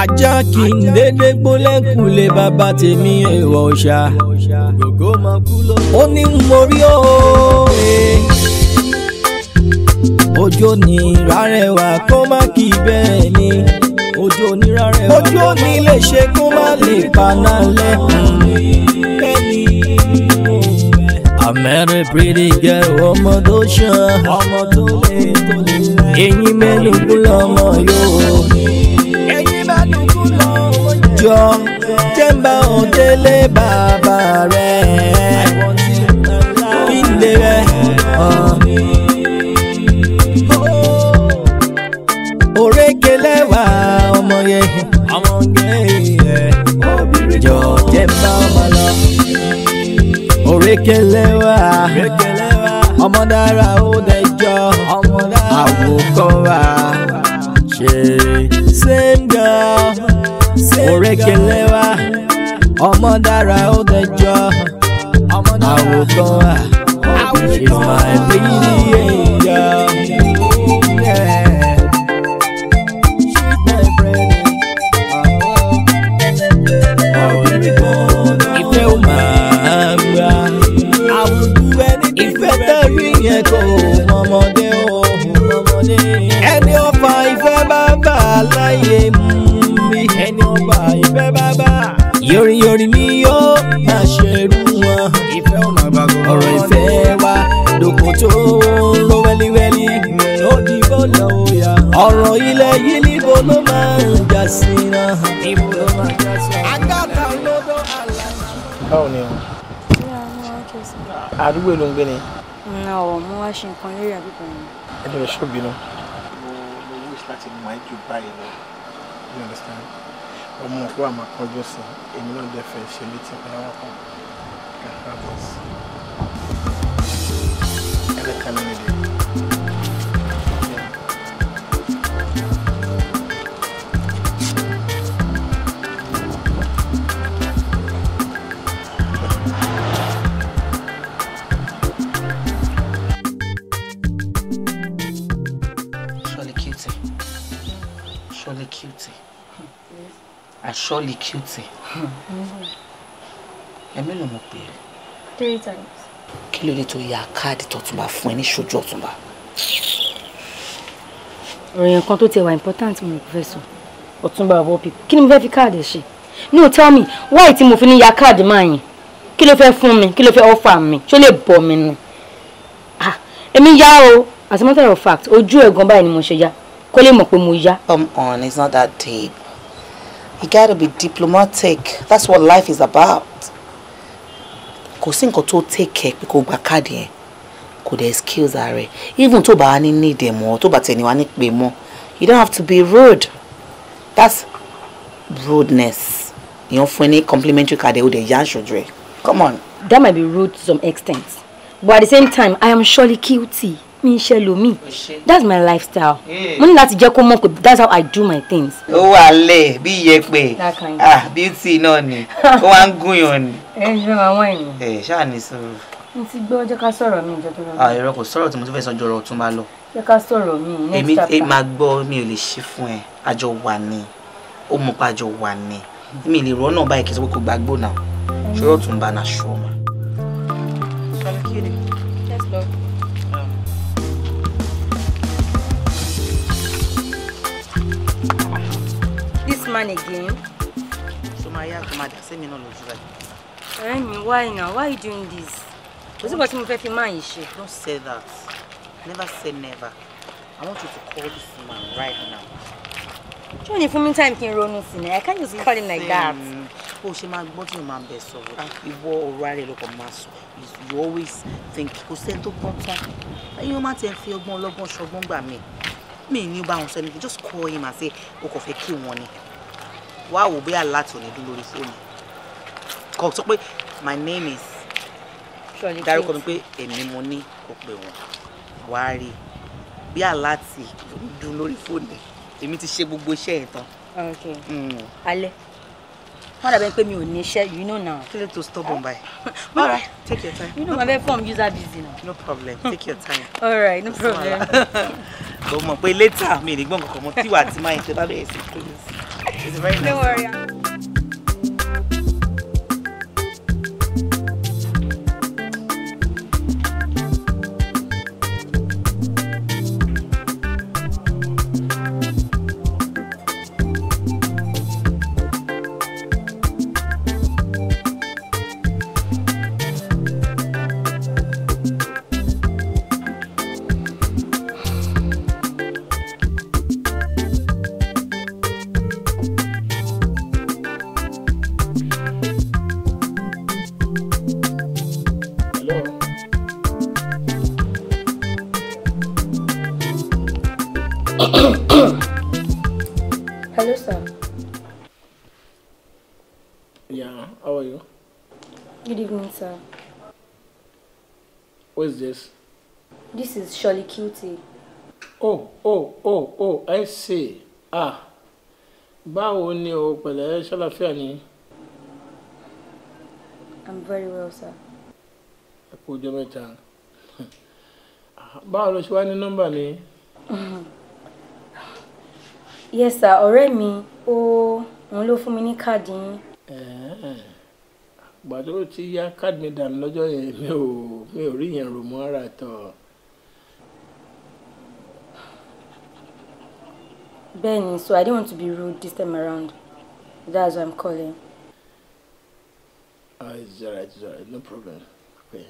ajá kì í dédé gbólẹ́kùlé bàbá tèmi èèwọ̀ ọ̀ṣà ó ní mo rí òòrè ọjọ́ ní rárẹ̀wà kó má kì í bẹ́ẹ̀ ni ọjọ́ ní rárẹ̀wà ọjọ́ ní lè ṣe kó má lè paná lẹ́kùn kẹ́ni. a pretty girl ọmọ tó ṣan ọmọ tó lè tó lè. eyín mélòó kú lọ́mọ yóò ní yọ jẹ́nbà òdélé bàbá rẹ̀ ilé rẹ̀ òrékelẹ̀ wà ọmọ yẹn yọ jẹ́nbà ọmọ lọ òrékelẹ̀ wà ọmọ dára ó dẹjọ́ àwòkọ́ wà ṣe. same girl òrékelẹ́wà ọmọ dára ó dẹjọ́ àwòkan wa she's my lady. aláyé mi ẹni ọba ìfẹ́ bàbá. yoríyorí ni yóò máa ṣerú wọn. ìfẹ́ ò máa gbàgbọ́. ọ̀rọ̀ ìfẹ́ wa dòkò tó lọ wẹ́líwẹ́lí ó di bọ́lá òyà. ọ̀rọ̀ ilẹ̀ yìí níbo ló máa ń já sí náà. níbo ló máa já sí náà. agbáta olódó àlá. báwo ni o. àdúgbò ló ń gbé ni. ǹ mú wá ṣe nǹkan lórí àdúgbò yẹn. ẹ ti mọ̀ ẹ́ jù báyìí lọ you understand ọmọ òkú àmà kọjú sí èmi náà dẹ̀ fẹ́ ṣe létí pé àwọn kan kàkà bọ̀ sí ẹ̀rẹ́ kan nínú ilé. cutie. I surely cutie. Ẹ̀mí ló mọ̀ pé. Three times. Kí ló dé tó ya káàdì tọ̀túnba fún ẹ ní ṣojú ọ̀túnba? Òyìn kan tó ti wà important mo fẹ́ sọ. Ọ̀túnba of all people. Kí mo fẹ́ fi káàdì ṣe? No tell me why tí mo fi ní ya káàdì máa yìn? Kí ló fẹ́ fún mi? Kí ló fẹ́ offer mi? Ṣé ó lè bọ̀ mi ni? Ah, èmi yá o as a matter of fact ojú ẹ̀gbọ́n báyìí ni mo ṣe yá kó lè mọ̀ pé mo yá. come on it's not that deep you gotta be diplomatic that's what life is about kò sí nǹkan tó take care pé kò gba káàdì yẹn kò dẹ̀ skills ààrẹ even tó bá wà ní need ẹ̀ mọ́ tó bá tẹ̀ ní wà ní pè mọ́ you don't have to be rude that's rudeness èèyàn fún ẹ ní complimentary card ẹ ó dẹ̀ yá aṣojú ẹ come on. that might be rude to some extent but at the same time I am surely guilty mi ń ṣe lomi that's my lifestyle mo ní láti jẹ́ kó mọ̀ pé that's how I do my things. ó wà lẹ̀ bí iyẹ̀pẹ̀ ah beauty náà ni ó wá ń gún yàn ni. ẹ ṣe àwọn ènìyàn. ẹ ṣáà ní sọ̀rọ̀. mo ti gbọ́ jẹ́ ká sọ̀rọ̀ mi ìjọ lọ. ah ẹ̀rọ kò sọ̀rọ̀ tí mo tún fẹ́ sọ jọrọ̀ tún máa lọ. jẹ́ ká sọ̀rọ̀ mi next chapter. èmi máa gbọ́ mi ò lè ṣe fún ẹ àjọ wà ní ó mọ̀ pé àjọ wà ní mi lè rọ́nà báyìí kí n sọ pé kò gbàgbó náà ṣọ́rọ̀ tún bá náà ṣọ́ ọ́ mà. kí ni man again. So Sumaya Kumada, send me no lojura. Remy, eh, why now? Why are you doing this? Was it what you prefer man is Don't say that. Never say never. I want you to call this man right now. Johnny, fún mi time kí n ronú I can't just call him like that. Oh, she máa gbọ́ tí man best of? sọ̀rọ̀. Ìwọ ọ̀rọ̀ ara rẹ̀ You always think You sẹ́ni tó gbọ́n tán. Ẹyin ó máa tẹ̀ fi ọgbọ́n ọlọ́gbọ́n ṣọgbọ́n gbà mí. me, ní bá wọn sọ just call him and say o kò fẹ́ kí wọn wá wò bí aláàtò ní lórí fóònù kò sọ pé my name is dárúkọ mi pé èmi mo ní kò pè wọ́n wàá rí bí aláàtì dún lórí fóònù èmi ti ṣe gbogbo iṣẹ́ yẹn tán. Hmm. alẹ́ wọ́n dàbẹ́ pé mi ò ní iṣẹ́ you know now. kí tó stubborn báyìí. all right take your time. you know my form user busy now. no problem take your time. all right no problem. mo mọ̀ pé later mi ò ní gbọ́n kankan mo tíwà tí máa ń ṣe bá bẹ̀rẹ̀ kúrò It's very nice. worry. surely guilty. oh oh oh oh i see ah báwo ni o pẹ̀lẹ́ ṣàlàfíà ni. i'm very well sir. ẹ kú ọjọ́ mẹ́ta báwo ló ṣe wá ní nọ́mbà ni. yes sir ọ̀rẹ́ mi ó òun ló fún mi ní káàdì yín. gbàdúrà tí yá káàdì mi dànù lọ́jọ́ yẹn mi ò mi ò rí yẹn rò mọ́ ara tọ̀. Benny, so I didn't want to be rude this time around. That's why I'm calling. Oh, it's alright, it's alright, no problem. Okay.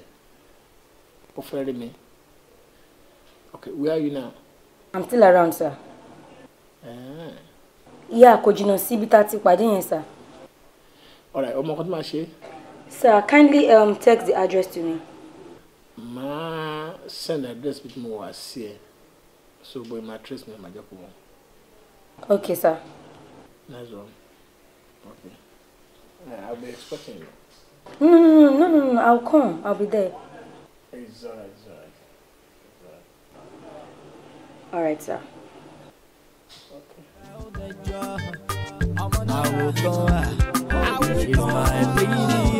Offered me. Okay, where are you now? I'm still around, sir. Ah. Yeah, kò jìnnà síbi tá a ti pàdé yẹn, sir. Alright, I'm kan tó máa Sir, kindly um, text the address to me. Ma, send address with mo wà sí So, boy, my trace me, my job kó Okay, sir. That's all. Okay. Yeah, I'll be expecting you. No, no, no, no, no, no, I'll come. I'll be there. It's alright, it's alright. Alright, sir. Okay. I will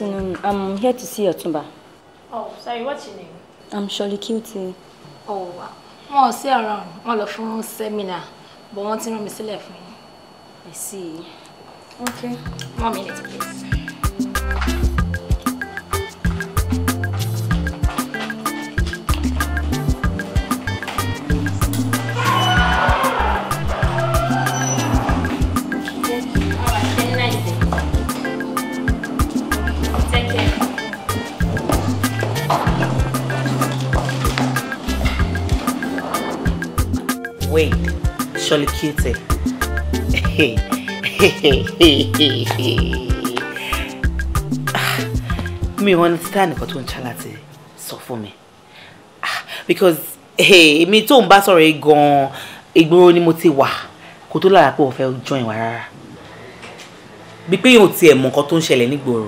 afternoon. I'm here to see your tumba. Oh, sorry, what's your name? I'm Shirley Cutie. Oh, wọn Oh, sí around. Wọ́n lọ fún seminar, but wọ́n ti rán mi sílẹ̀ fún yín. I see. Okay. One minute, please. Wait, surely cutie. Eh. mi ò understand nǹkan tó ń ṣá láti sọ fún mi ah, because hey, me too. bá sọ̀rọ̀ yìí gan-an ìgboro ni mo ti wà kó tó join wa rárá bí pé yóò tiẹ̀ mọ nǹkan tó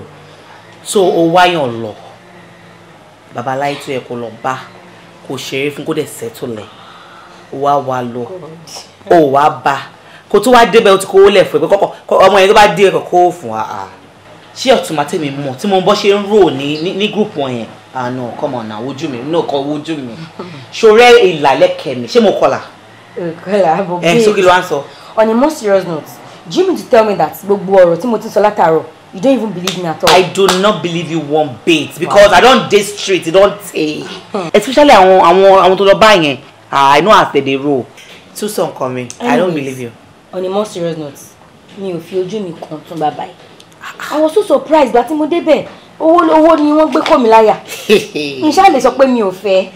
so ó wáyàn lọ babaláyé tó yẹ kó lọ bá kó ṣeré fún kó settle wá wa lọ ó wá bá kó tó wá débẹ̀ ó ti kówó lẹ̀ fún ẹ pé kọ́kọ́ ọmọ yẹn tó bá dé ẹ̀kọ́ kó fún wa ah. ṣé ọ̀túnmá tèmi mọ̀ tí mo bọ́ ṣe ń rò ní ní group wọn yẹn àná ah, come on now wojú mi náà kọ wojú mi ṣorẹ́ ìlàlẹ́ kẹ̀mí ṣé mo kọlà. kọlà bó bí ẹ sókè ló wá ń sọ. on a more serious note do you mean to tell me that gbogbo ọ̀rọ̀ tí mo ti sọ látàárọ̀ you don't even believe me at all. I do not believe you one bit because wow. I don dey straight you don tey. especially àwọn àwọn àwọn tó lọ bá yẹn ah i know as they dey roll two song coming Anyways, i don't believe you. on a more serious note mi ò fi ojú mi kan tún i was so surprised that tí mo débẹ̀ owó lówó ni wọ́n gbé kọ́ mi láyà n ṣáà lè sọ pé mi ò fẹ́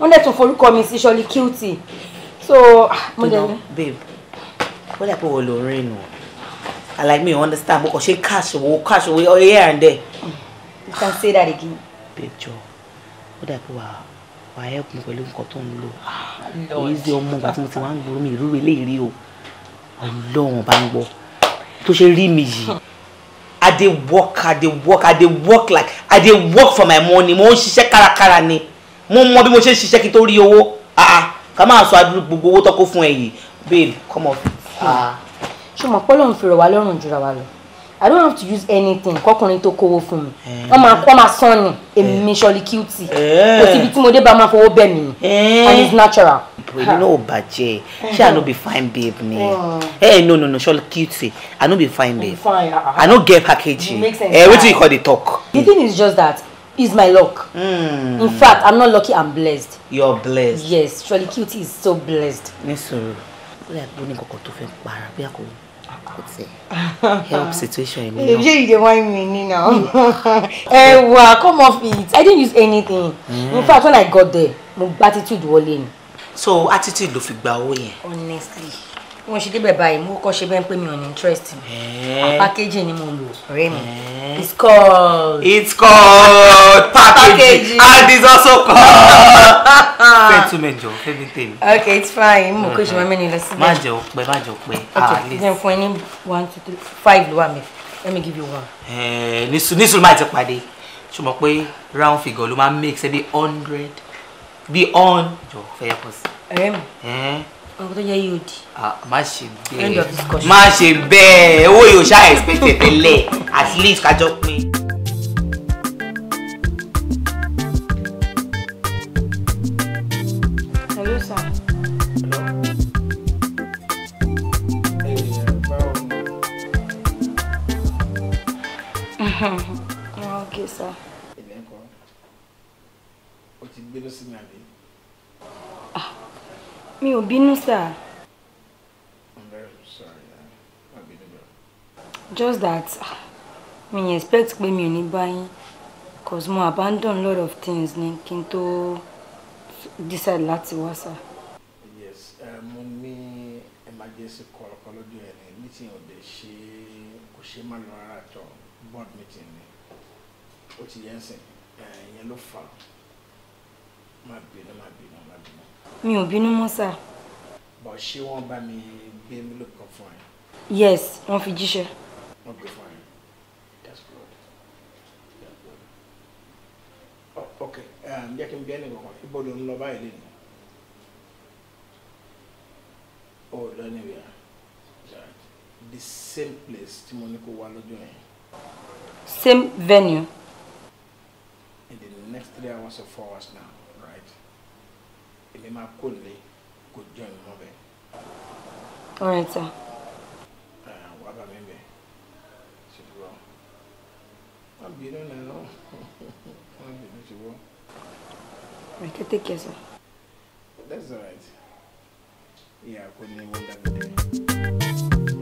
wọ́n dẹ̀ tún forúkọ mi sí so ah, mo dẹ̀ babe what happened with wọ́n lò i like me understand because she cash owó cash all year and day. you can say that again. babe Joe. What happened? pé wàá wà help mi pẹ̀lú nǹkan tó ń lò èyí ah, ṣe ọmọ ìgbà tí mo ti wá ń gbòòrò mi ìrúwe léèrè o ọlọ́run bá ń gbọ́ tó ṣe rí mi yìí i dey work i dey work i dey work like i dey work for my money mo ń ṣiṣẹ́ kárakára ni mo mọ bí mo ṣe ń ṣiṣẹ́ kí n tó rí owó ah, ah, ká máa sọ adúlù gbogbo owó tọkọ fún ẹ yìí babe come on. ṣùgbọ́n pọ́lọ́ ń fi rọ̀ wá lọ́rùn jura wa lọ i don't have to use anything kọkùnrin tó kówó fún mi eh. wọn máa wọn máa sàn ni eh. èmi sọlí cutie eh. kò síbi tí mo dé bá máa fowó bẹ̀ mí and it's natural. ìbò inú ò bàjẹ́ ṣé i no be fine babe ni ẹ no no no sọlí cutie i no be fine babe ah, ah, i no get package ẹ wetin you call the talk. the thing is just that is my luck. Mm. In fact, I'm not lucky, I'm blessed. You're blessed. Yes, Surely Cutie is so blessed. Nisun. Bóyá gbóni kọ̀kọ̀ tó fẹ́ para, bóyá kò kò help situation yìí náà. ṣé you don't want me ni now. ẹ wà come off it i didn't use anything mm. in fact when i got there My attitude was in. so attitude ló fi gba honestly wọ́n ṣe débẹ̀ báyìí mo kọ́ ṣe bẹ́ẹ̀ pé mi ò ní interest mi eh. packaging ni mo lò ọ̀rẹ́ mi eh. it's called it's called package. and it's also called fẹ́ tún mẹ́jọ fẹ́ mi tèmi. ok it's fine mo kó ṣe máa mhm. mẹ́ni lọ síbẹ̀. má jẹ́ òpẹ́ má jẹ́ òpẹ́. ok ah, then fún ẹ ní one two three five ló wà mí let me give you one. Eh, nísùlù máa ti pàdé ṣùgbọ́n pé round figure ló máa make ṣe bí hundred bí on jọ fẹ́ yẹ kó sí. ọ̀rẹ́ mi ọ̀rọ̀ tó yẹ yóò di. má ṣe bẹ́ẹ̀ má ṣe bẹ́ẹ̀ owó yóò ṣáà expect tẹ́lẹ̀ at least kájọ pín. Okay, sir. Ebe ń kọ́, ó ti gbé lọ sí mi àbí? mi ò bínú sir. just that ah, mi expect pé mi ò ní bá yín cause mo abandon lot of things ni kí n tó decide láti wá sir. mi ò bínú mọ́ sà. bọ̀ ṣé wọ́n bá mi gbé envelope kan fún ẹ. yes wọ́n fi jíṣẹ́. wọ́n gbé fún ẹ that's good that's good oh, ok um, jẹ́ kí n bí ẹnì kankan ibo ló ń lọ báyìí lè oh, ní. oh lọ́nà ìwé the same place tí mo ní kó wá lọ́jọ́ yẹn. same venue. in the next three hours or four hours now èmi máa kó lé kó jọ ìmọ̀ bẹ́ẹ̀. ọ̀rẹ́ ta. wàá bà mí bẹ̀ ṣùgbọ́n wọ́n bínú náà lọ wọ́n bínú ṣùgbọ́n. Right, take care, sir. That's all right. Yeah, I couldn't even wonder.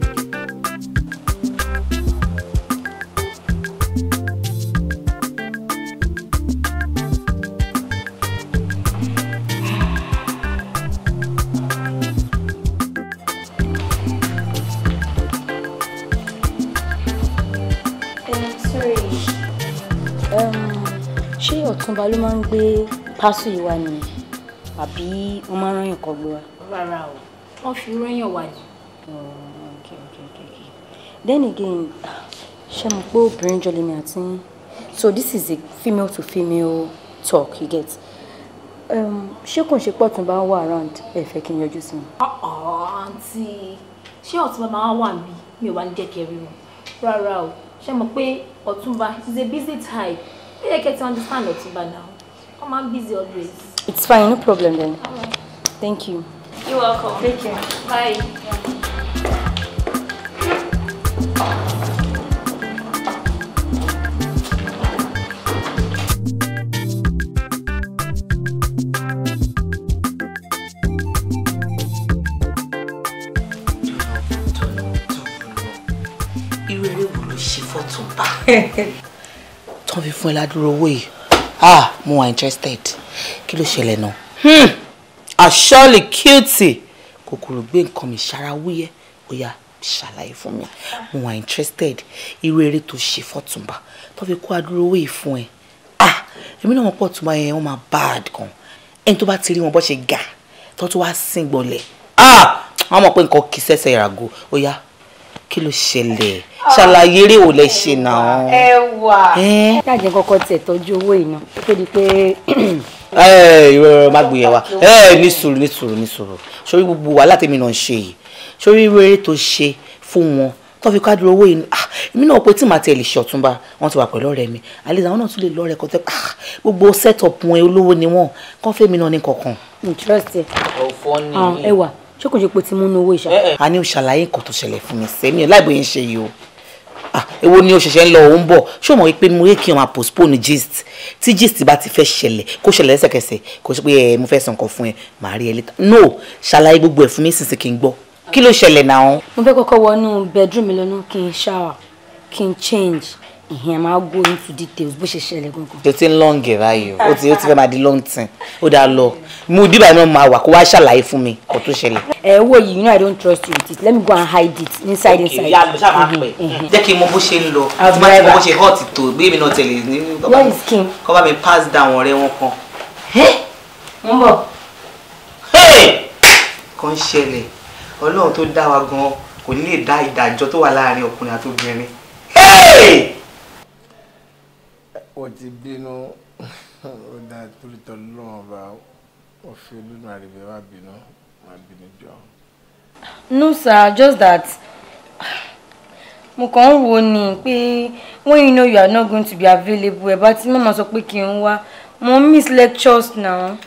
Ọ̀túnba ló máa ń gbé pásù yìí wá nìyẹn àbí wọ́n máa ń rányàn kan gbé wa. rárá o wọ́n fi rányàn wá ni. Oh, then again ṣe mo pé obìnrin jọ lèmi àti so this is a female to female talk you get um, ṣé kò ń ṣe pé Ọ̀túnba wà around ẹ fẹ́ kí n yọjú sí mi. àǹtí uh-uh, ṣé Ọ̀túnba máa wà mí mi ò wá ní jẹ́ kí ẹ rí wọn rárá o ṣe mo pé Ọ̀túnba is a busy type ó yẹ understand what understand ọ̀túnba now i'm busy always. it's fine no problem then right. thank you. you're welcome take care bye. Yeah. tán fi fún ẹ ládùúró owó yìí ah mo wà interested kí ló ṣẹlẹ̀ náà hmm asọ́lì cute kòkòrò gbé nǹkan mi ṣara wúyẹ́ ó yá ṣàlàyé fún mi mo wà interested irú eré to ṣe fọ́túnba tó fi kó adúró owó yìí fún ẹ ah èmi náà wọn pọ̀ tó máa yẹn wọn bad gan ẹni tó bá ti rí wọn bọ́ ṣe ga tó tún wá sìn gbọ̀lẹ̀ ah wọn mọ̀ pé nǹkan kì í sẹ́sẹ̀ Oya ó yá kí Ah. ṣàlàyé eré ò lẹ ṣe náà. ẹ wà. káàjẹ kọ́kọ́ tiẹ̀ tọ́jú owó iná ó tó di pé. ẹ ẹ má gbé yẹn wá ẹ ní sùúrù ní sùúrù ní sùúrù sórí gbogbo wàhálà tèmi náà ń ṣe yìí sórí eré tó ṣe fún wọn tó fi kádùrú owó inú ah èmi náà pé tí màá tẹ̀lé ṣe ọ̀túnba wọn ti wà pẹ̀lú ọ̀rẹ́ mi àlejò àwọn náà tún lè lọ́ọ̀rẹ́ kan tẹ́ ah gbogbo set wọn olówó ni wọn kàn fẹ́ mi náà ní kankan. interesting hmm, ah, ẹ wà ṣé kò ṣe pé tí mo ń ná owó ìṣàkóso. a ní o ṣàlàyé nǹkan tó ṣẹlẹ̀ fún mi sẹ́mi ọ̀ láìbóyè ń ṣe yìí o ah ni o ṣẹ̀ṣẹ̀ ń lọ òun bọ̀ ṣé o mọ̀ pé mo yẹ kí n máa postpone gist tí gist bá ti fẹ́ ṣẹlẹ̀ kó ṣẹlẹ̀ lẹ́sẹ̀kẹsẹ̀ kó ṣe pé ẹ mo fẹ́ sọ nǹkan fún ẹ màá rí ẹ létà no ṣàlàyé gbogbo ẹ̀ fún mi sísìn kí n gbọ́ kí ló ṣẹlẹ̀ náà. mo fẹ́ kọ́kọ́ wọnú bedroom mi lọ́nà kí n shower kí n change ìyẹn máa go into details bó ṣe ṣẹlẹ̀ gangan. tó ti ń lọ́ǹgì báyìí o ti o ti fẹ́ máa di long time ó dáa lọ mú dìbà náà máa wà kó wá ṣàlàyé fún mi kó tó ṣẹlẹ̀. ẹ wo yìí you know i don't trust you with it let me go and hide it inside inside. ok yàgò sábà pẹ jẹ́ kí n mọ bó ṣe ń lọ tí máa ti mọ bó ṣe hot tó gbé mi náà tẹ̀lé ní kọ́ bá mi pass down ọ̀rẹ́ wọn kan. ń bọ̀. kan ṣẹlẹ̀ ọlọ́run tó dá wa gan-an kò ní lè dá ìdájọ́ tó wà láàárín ọkùnrin àti obìnrin ó ti bínú ó dá torítọ́ lọ́wọ́n bá ó fi olúmọ̀ àríwẹ̀ wá bínú má bínú jọ. no sir just that mo kàn ń wo ni pé when you know you are not going to be available ẹ̀ bá ti mọ̀ mọ́ sọ pé kí n wá mo miss lectures now.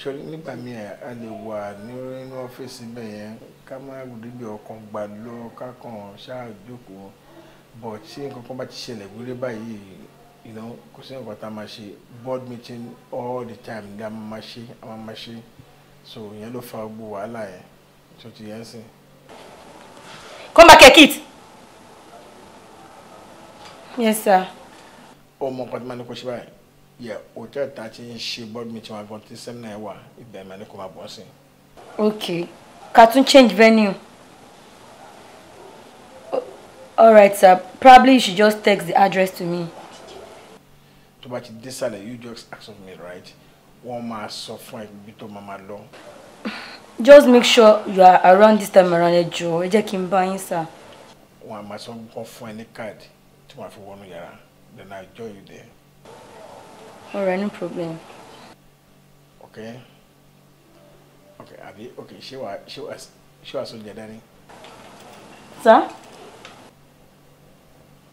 ṣọlí nígbà míì a lè wà nínú ọ́fíìsì bẹ́ẹ̀ yẹn ká má ríbi ọkàn gbà lọ ká kàn ṣáà bọ̀ tí nǹkan kan bá ti ṣẹlẹ̀ wéré báyìí kò sí nǹkan tá a máa ṣe board meeting all the time ni a máa ṣe a máa ṣe so ìyẹn ló fa gbogbo wàhálà yẹn tó ti yẹn sìn. come back here kid. yes sir. ọmọ pàtàkì máa ní kó ṣe báyìí yẹ hotel ta ti ṣe board meeting wa gan tí seminar wà ibẹ̀ mà ní kò máa bọ́ ok ká change venue. all right sir probably you should just text the address to me. tó bá ti dé sàlẹ̀ you just ask of me right wọ́n máa sọ fún ẹ ibi tó máa lọ. just make sure you are around this time around ẹ jọ̀ọ́ ẹ jẹ́ kí n bá yín sir. wọn a máa sọ fún ẹ ní káàdì tí wọn fi wọnú yàrá then i join you there. Or any problem. Okay. Okay, Abi, okay, ṣé wàá ṣé wàá ṣé on your daddy. Sir?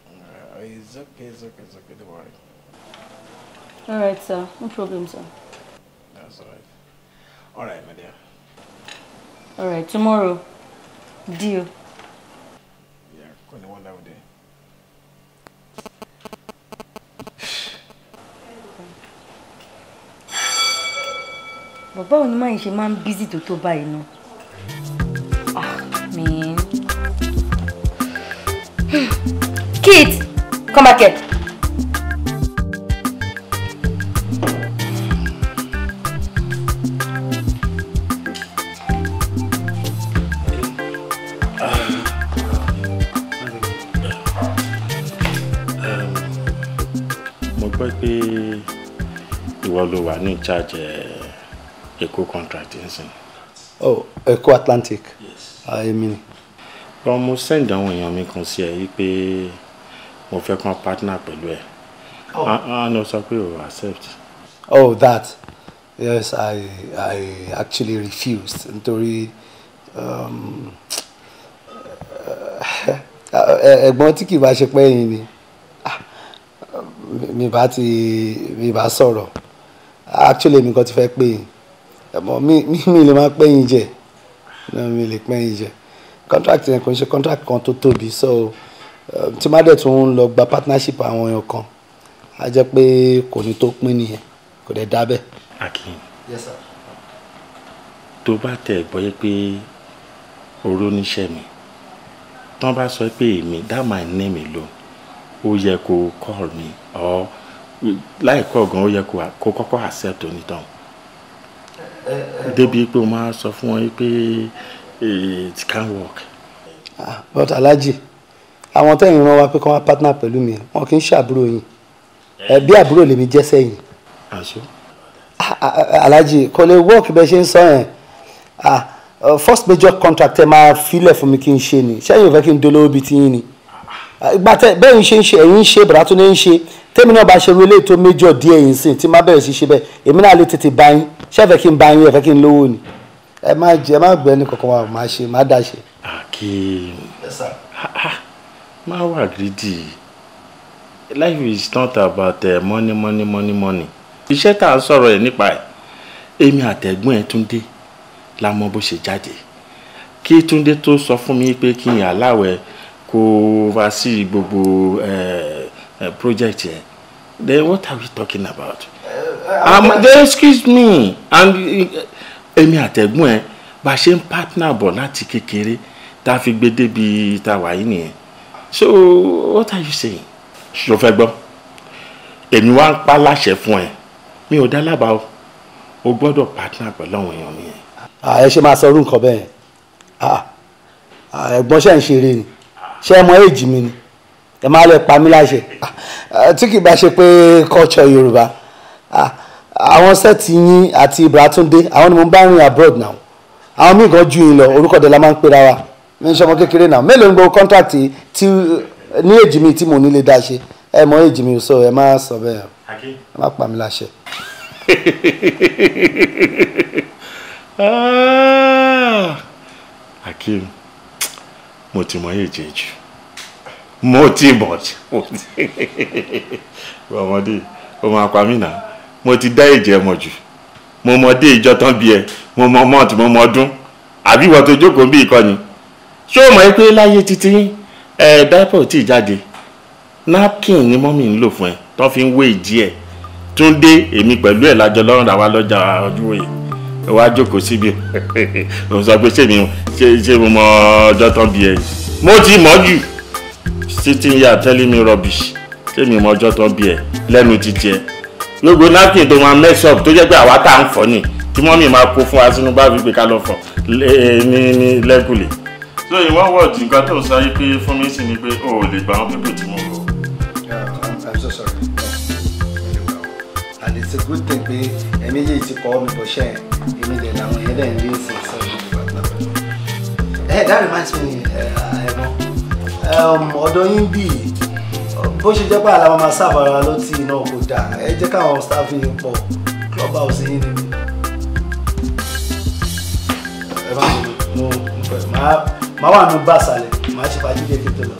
Uh, it's okay, it's okay, it's okay, don't worry. All right, sir. No problem, sir. That's all right. All right, my dear. All right, tomorrow. Deal. bàbá òní máa ń ṣe máa ń bízì tó tó báyìí nù. Ah, kid, come back here. mo gbọ́ pé ìwọ ló wà ní ìcháàjẹ́ Eco contract nsìn. oh Eco Atlantic. yes. Ah, I mean, ọ mo send down èèyàn mi kan sí ẹ yìí pé mo fẹ́ kàn partner pẹ̀lú ẹ àná oh. no pé we accept. oh that yes i i actually refused nítorí um, eh, ẹ̀gbọ́n tí kì í bá ṣe pé yín ni ah, mi bá ti mi bá sọ̀rọ̀ actually mi kàn ti fẹ́ pè yín ẹ̀mọ́ mi lè máa pẹ́yìn jẹ náà mi lè pẹ́yìn jẹ contract yẹn kò ń ṣe contract kan tó tóbi so eh, tí má dẹ̀ tún lọ gba partnership àwọn èèyàn kan á jẹ́ pé kò ní tó pín nìyẹn kò dẹ̀ dá Akin yes sir tó bá tẹ̀ bọ́yé pé oró níṣẹ́ mi tán bá sọ pé èmi that my name alone ó yẹ kó call me or láìkọ́ gan ó yẹ kó kọ́kọ́ accept onítàn débi pé o máa sọ fún wọn pé eh, it can work. Ah, but alhaji àwọn tẹ́yìn rán wa pé kí wọ́n partner pẹ̀lú mi wọn kì í ṣàbúrò yín ẹbí àbúrò lèmi jẹ́ sẹ́yìn. Ah, ah, alhaji kò lè work bẹ́ẹ̀ ṣe ń sọ yẹn uh, first major contract ẹ máa filẹ̀ fún mi kí n ṣe ni ṣẹ́yìn ò fẹ́ kí n dolówó bíi ti yín ni ìgbà tẹ bẹ́ẹ̀ ń ṣe ń ṣe ẹ̀yin ń ṣe bàrà tó ní ń ṣe tẹ́mi náà bá ṣe irú eléyìí tó major díẹ̀ yìí sìn tí má bẹ̀rẹ̀ sí ṣe bẹ́ẹ̀ èmi náà lè tètè bá yín ṣẹ́fẹ̀ kí n bá yín ẹ̀fẹ́ kí n lówó ni ẹ má jẹ ẹ má gbẹ ní kankan wa má ṣe má dà ṣe. Akeem wà gírídì life is not about uh, money money money money iṣẹ́ tá à ń sọ̀rọ̀ ẹ̀ nípa ẹ̀ èmi àtẹ̀gbọ́n ẹ̀ Túndé la mọ bó ṣe jáde kí Túndé tó sọ fún mi pé kí n aláwẹ̀ kó wá sí gbogbo eh, eh, project yẹn Then what are we talking about? um, then excuse me. And Emi eh, àtẹ̀gbọ́n ẹ bá ṣe partner bọ̀ láti kékeré tá a fi gbé débi tá a wà So what are you saying? Ṣo fẹ́ gbọ́? Èmi wá ń pa láṣẹ fún ẹ. Mi ò dá lábàá o. O gbọ́dọ̀ partner pẹ̀lú àwọn èèyàn mi yẹn. Ẹ ṣe máa sọ orú Ah, bẹ́ẹ̀. Ẹ̀gbọ́n ṣe ń ṣeré ni. Ṣé ẹ mọ mi ni? ẹ máa lè pa mí láṣẹ ah, tí kì bá ṣe pé culture yorùbá ah, àwọn sẹ́ẹ̀tì yín àti Ìbàràtúndé àwọn ni mo bá rìn abroad now àwọn míì gan ju yín lọ orúkọ dẹ̀ la máa ń pera wa mi ń ṣọmọ kékeré náà mélòó ń gbọ́ contract tí ní èjì mi tí mo nílé dá ṣe ẹ mọ èjì mi sọ ẹ má sọ bẹ́ẹ̀ ẹ má pa mí láṣẹ. Akeem ah! mo ti mọ èjì jù mo ti bọ̀ ọmọdé o máa pa mí mo ti dá ìjẹ́ mọ̀ jù mo mọdé ìjọ tán bí ẹ mo mọ mọ́ọ̀tì mo mọ ọdún àbí ìwọ tó jókòó bí ìkọ́ni ṣé o mọ̀ pé láyé títí ẹ dáìpọ̀ tí ì jáde napkin ni mọ́mì ń lò fún ẹ tó fi ń wé ìdí ẹ túndé èmi pẹ̀lú ẹ̀ lájọ lọ́rùn dàwa lọ́jà ọdún òye wá jókòó síbi òun sọ pé ṣé mi ṣe mo mọ ọjọ́ tán bí ẹ mo ti mọ̀ jù sitting here telling me rubbish kémi mọ ọjọ́ tán bí ẹ lẹ́nu jíjẹ gbogbo napkin tó máa mess up tó jẹ́ pé àwa tá à ń fọ̀ ni tí mọ́mì máa kó fún wa sínú báàbí gbé ká lọ fọ̀ e, ní ní lẹ́gùlè. so ìwọ wọ di nǹkan tó ń sáyé pé fún mi sí ni pé o ò lè gba àwọn pípò tí mo rò. I'm so sorry and it's a good thing pé ẹ̀mí yìí ti kọ́ mi bọ̀ ṣẹ́ èmi dẹ̀ làwọn ẹ̀dẹ̀ ń lé sí ìsọ̀rọ̀ ìgbà náà. that reminds me ẹ̀mọ́. Uh, ọ̀dọ̀ yín bì í bó ṣe jẹ́ pé àlàmà máa ṣàfara ló tí iná kò dáa ẹ jẹ́ káwọn staff yín pọ̀ club house yín ni ẹ bá mi mo máa wà ní bàṣálẹ̀ máa ṣe fàájì kékeré lọ.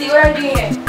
See what I'm doing here?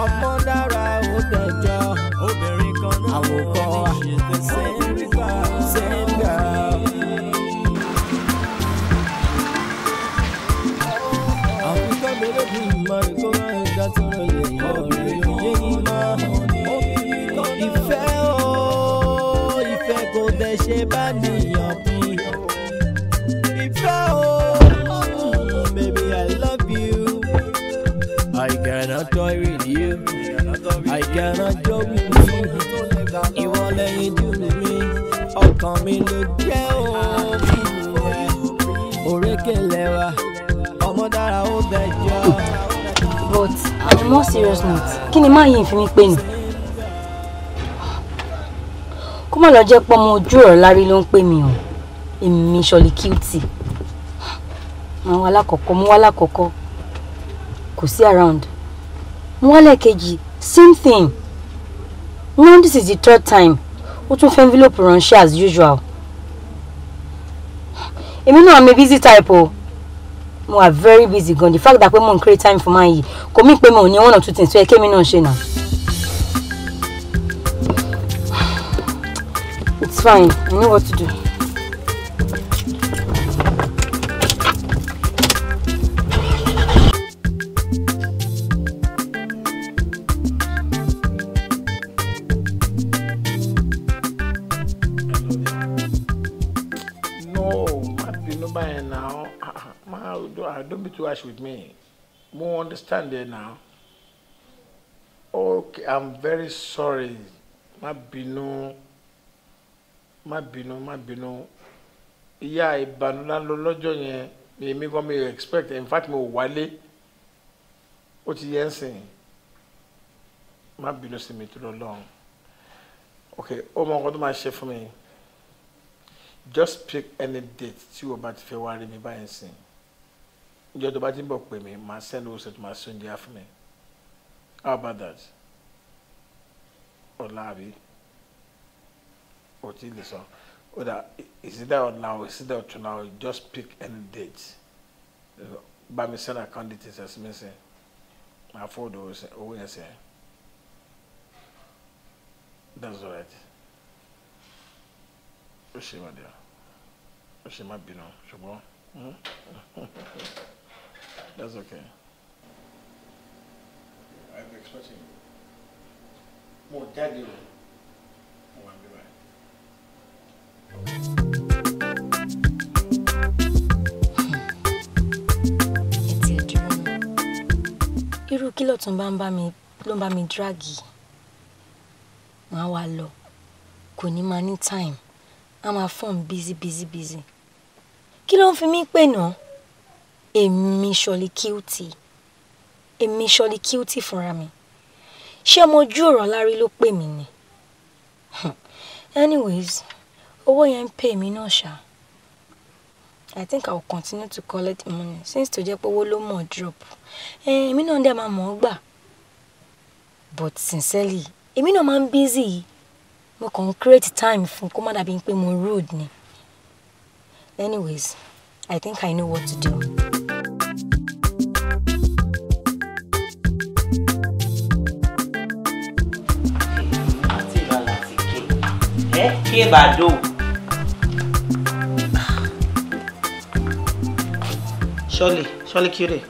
I'm ló jẹ́ òrékèlè wa ọmọ dára ó bẹ jọ. but on more serious note kí ni máa yín fi mí pè ní. kó má lọ jẹ́ pé ọmọ ojú ọ̀rọ̀ lárí ló ń pè mí o èmi ṣọlí cutie mo wá lákọ̀ọ́kọ́ mo wá lákọ̀ọ́kọ́ kò sí around mo wá lẹ́ẹ̀kejì same thing now this is the third time ó tún fẹ́ envelope ránṣẹ́ as usual èmi náà mi busy type o mo wà very busy gan the fact that pé mo ń create time for man yìí kò mí pé mo ní one or two things tó yẹ kémi náà ṣe nà. it's fine i know what to do. understand it now. Okay, I'm very sorry. Má bínú, má bínú, má bínú. Yeah, ìbànúlá ló lọ́jọ́ yẹn ni èmi gan mi expect in fact mo wálé ó ti yẹ ń sìn má bínú sí mi Okay, Oh my God, my chef ṣe fún Just pick any date See o about February. fẹ́ wá rí ìjọ tó bá ti ń bọ̀ pè mí màá send owó ṣètò màá sún díà fún mi how about that ọ̀la àbí òtí lè sọ ó dà ìsídà ọ̀la ò ìsídà ọ̀túnla ò just pick any date bá mi send account details ẹ̀sìn mi sìn màá fọ́ọ̀dù owó yẹn sìn that's all right ó ṣe wà dé ó ṣe má bínú ṣùgbọ́n. 嗯。Hmm? That's okay. I've been expecting more deadly. Oh, I'll right. irú kí lọ́tún bá ń bá mi ló ń bá mi dráàgì màá wá lọ kò ní máa ní time a máa fọ́ọ̀mù bízí bízí bízí kí ló ń fi mí pè náà èmi ṣọlí kíùtì èmi ṣọlí kíùtì fúnra mi ṣé ọmọ ojú ọ̀rọ̀ lárí ló pè mí ni hmm. anyways owó yẹn ń pè mí náà ṣá i think i will continue to collect money since tó jẹ́ pé owó ló mọ̀ drop èmi náà dẹ̀ máa mọ̀ ọ́ gbà but sincerely èmi náà máa ń busy yìí mo kàn ń create time fún kó má dàbí pé mo rude ni anyways i think i know what to do. ke ba do Shirley, Shirley Kure.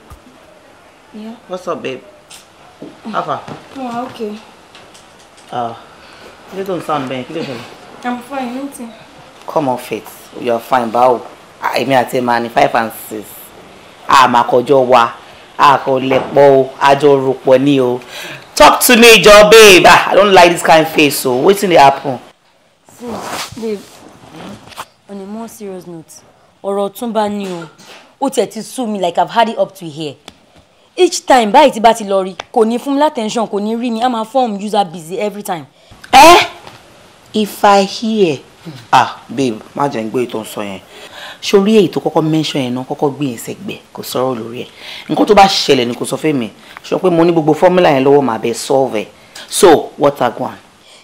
Yeah. What's up, babe? How far? Yeah, okay. Ah, uh, you don't sound bad. I'm fine, nothing. Come on, it. You are fine, báwo. Ah, èmi àti ẹ̀ máa ní five and six. my kọjọ́ wa, ah, àkọlẹ̀pọ̀ o, àjọròpọ̀ ni o. Talk to me, jọ babe. Ah, I don't like this kind of face what's in the apple? Please, babe. On a more serious note, ọ̀rọ̀ Túnbá ni o. Ó tiẹ̀ ti sú mi like I've had it up to here. Each time báyìí tí bá ti lọ rí, kò ní fún mi látẹ̀nṣọ̀n, kò ní rí mi, a form user busy every time. Ẹ́ eh? If I hear. Hmm. Ah babe, má jẹ́ ń gbé ètò ń sọ yẹn sórí èyí tó kọ́kọ́ mention yẹn náà kọ́kọ́ gbé yẹn sẹ́gbẹ̀ kò sọ̀rọ̀ lórí ẹ̀ nǹkan tó bá ṣẹlẹ̀ ni kò sọ fún mi sọ pé mo ní gbogbo fọ́múlà yẹn lọ́wọ́ màá bẹ solve so water gone.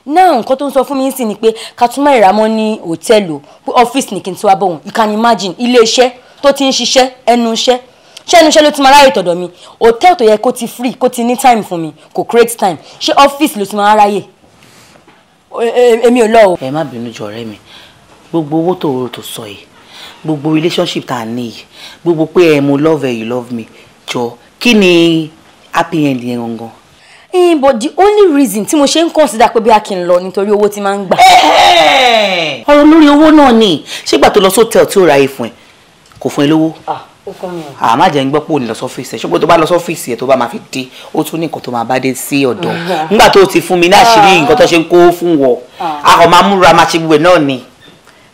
Now, nǹkan tó ń sọ fún mi ń sìn ni pé katuma ìramọ́ ní hòtẹ́ẹ̀lì o pé ọ́fíìsì ni kí n ti wá bọ̀ wọ́n you can imagine ilé iṣẹ́ tó ti ń ṣiṣẹ́ ẹnu iṣẹ́ ṣé ẹnu iṣẹ́ ló ti máa ráyè tọ̀dọ̀ mi hòtẹ́ẹ̀lì tó yẹ kó ti free kó ti ní time fún mi kò create time ṣé ọ́fíìsì ló ti máa ráyè e, e, èmi ò lọ o. ẹ má bínú jọ ọ̀rẹ́ mi gbogbo owó tó rò tó sọ yìí gbogbo relationship tá a ní yìí gbogbo pé ẹ mo love ẹ you love me jọ kí ni happy end yẹn gangan Eh, but the only reason tí mo ṣe ń consider pé bí a kì í Nitori nítorí owó tí máa ń gbà. ọ̀rọ̀ lórí owó náà ni ṣégbà tó lọ sóòtẹ́ẹ̀ tí ó ra yìí fún ẹ kò fún ẹ lówó. àmọ́ àjẹ́ ń gbọ́ pé ò ní lọ sọ́fíìsì ẹ̀ ṣùgbọ́n tó bá lọ sọ́fíìsì ẹ̀ tó bá máa fi dé ó tún ní nǹkan tó máa bá dé sí ọ̀dọ̀ nígbà tó ti fún mi náà ṣe rí ah. nǹkan tó ṣe ń kó fún wọ àkọ́ ah. máa múra máa ṣe gbogbo náà ni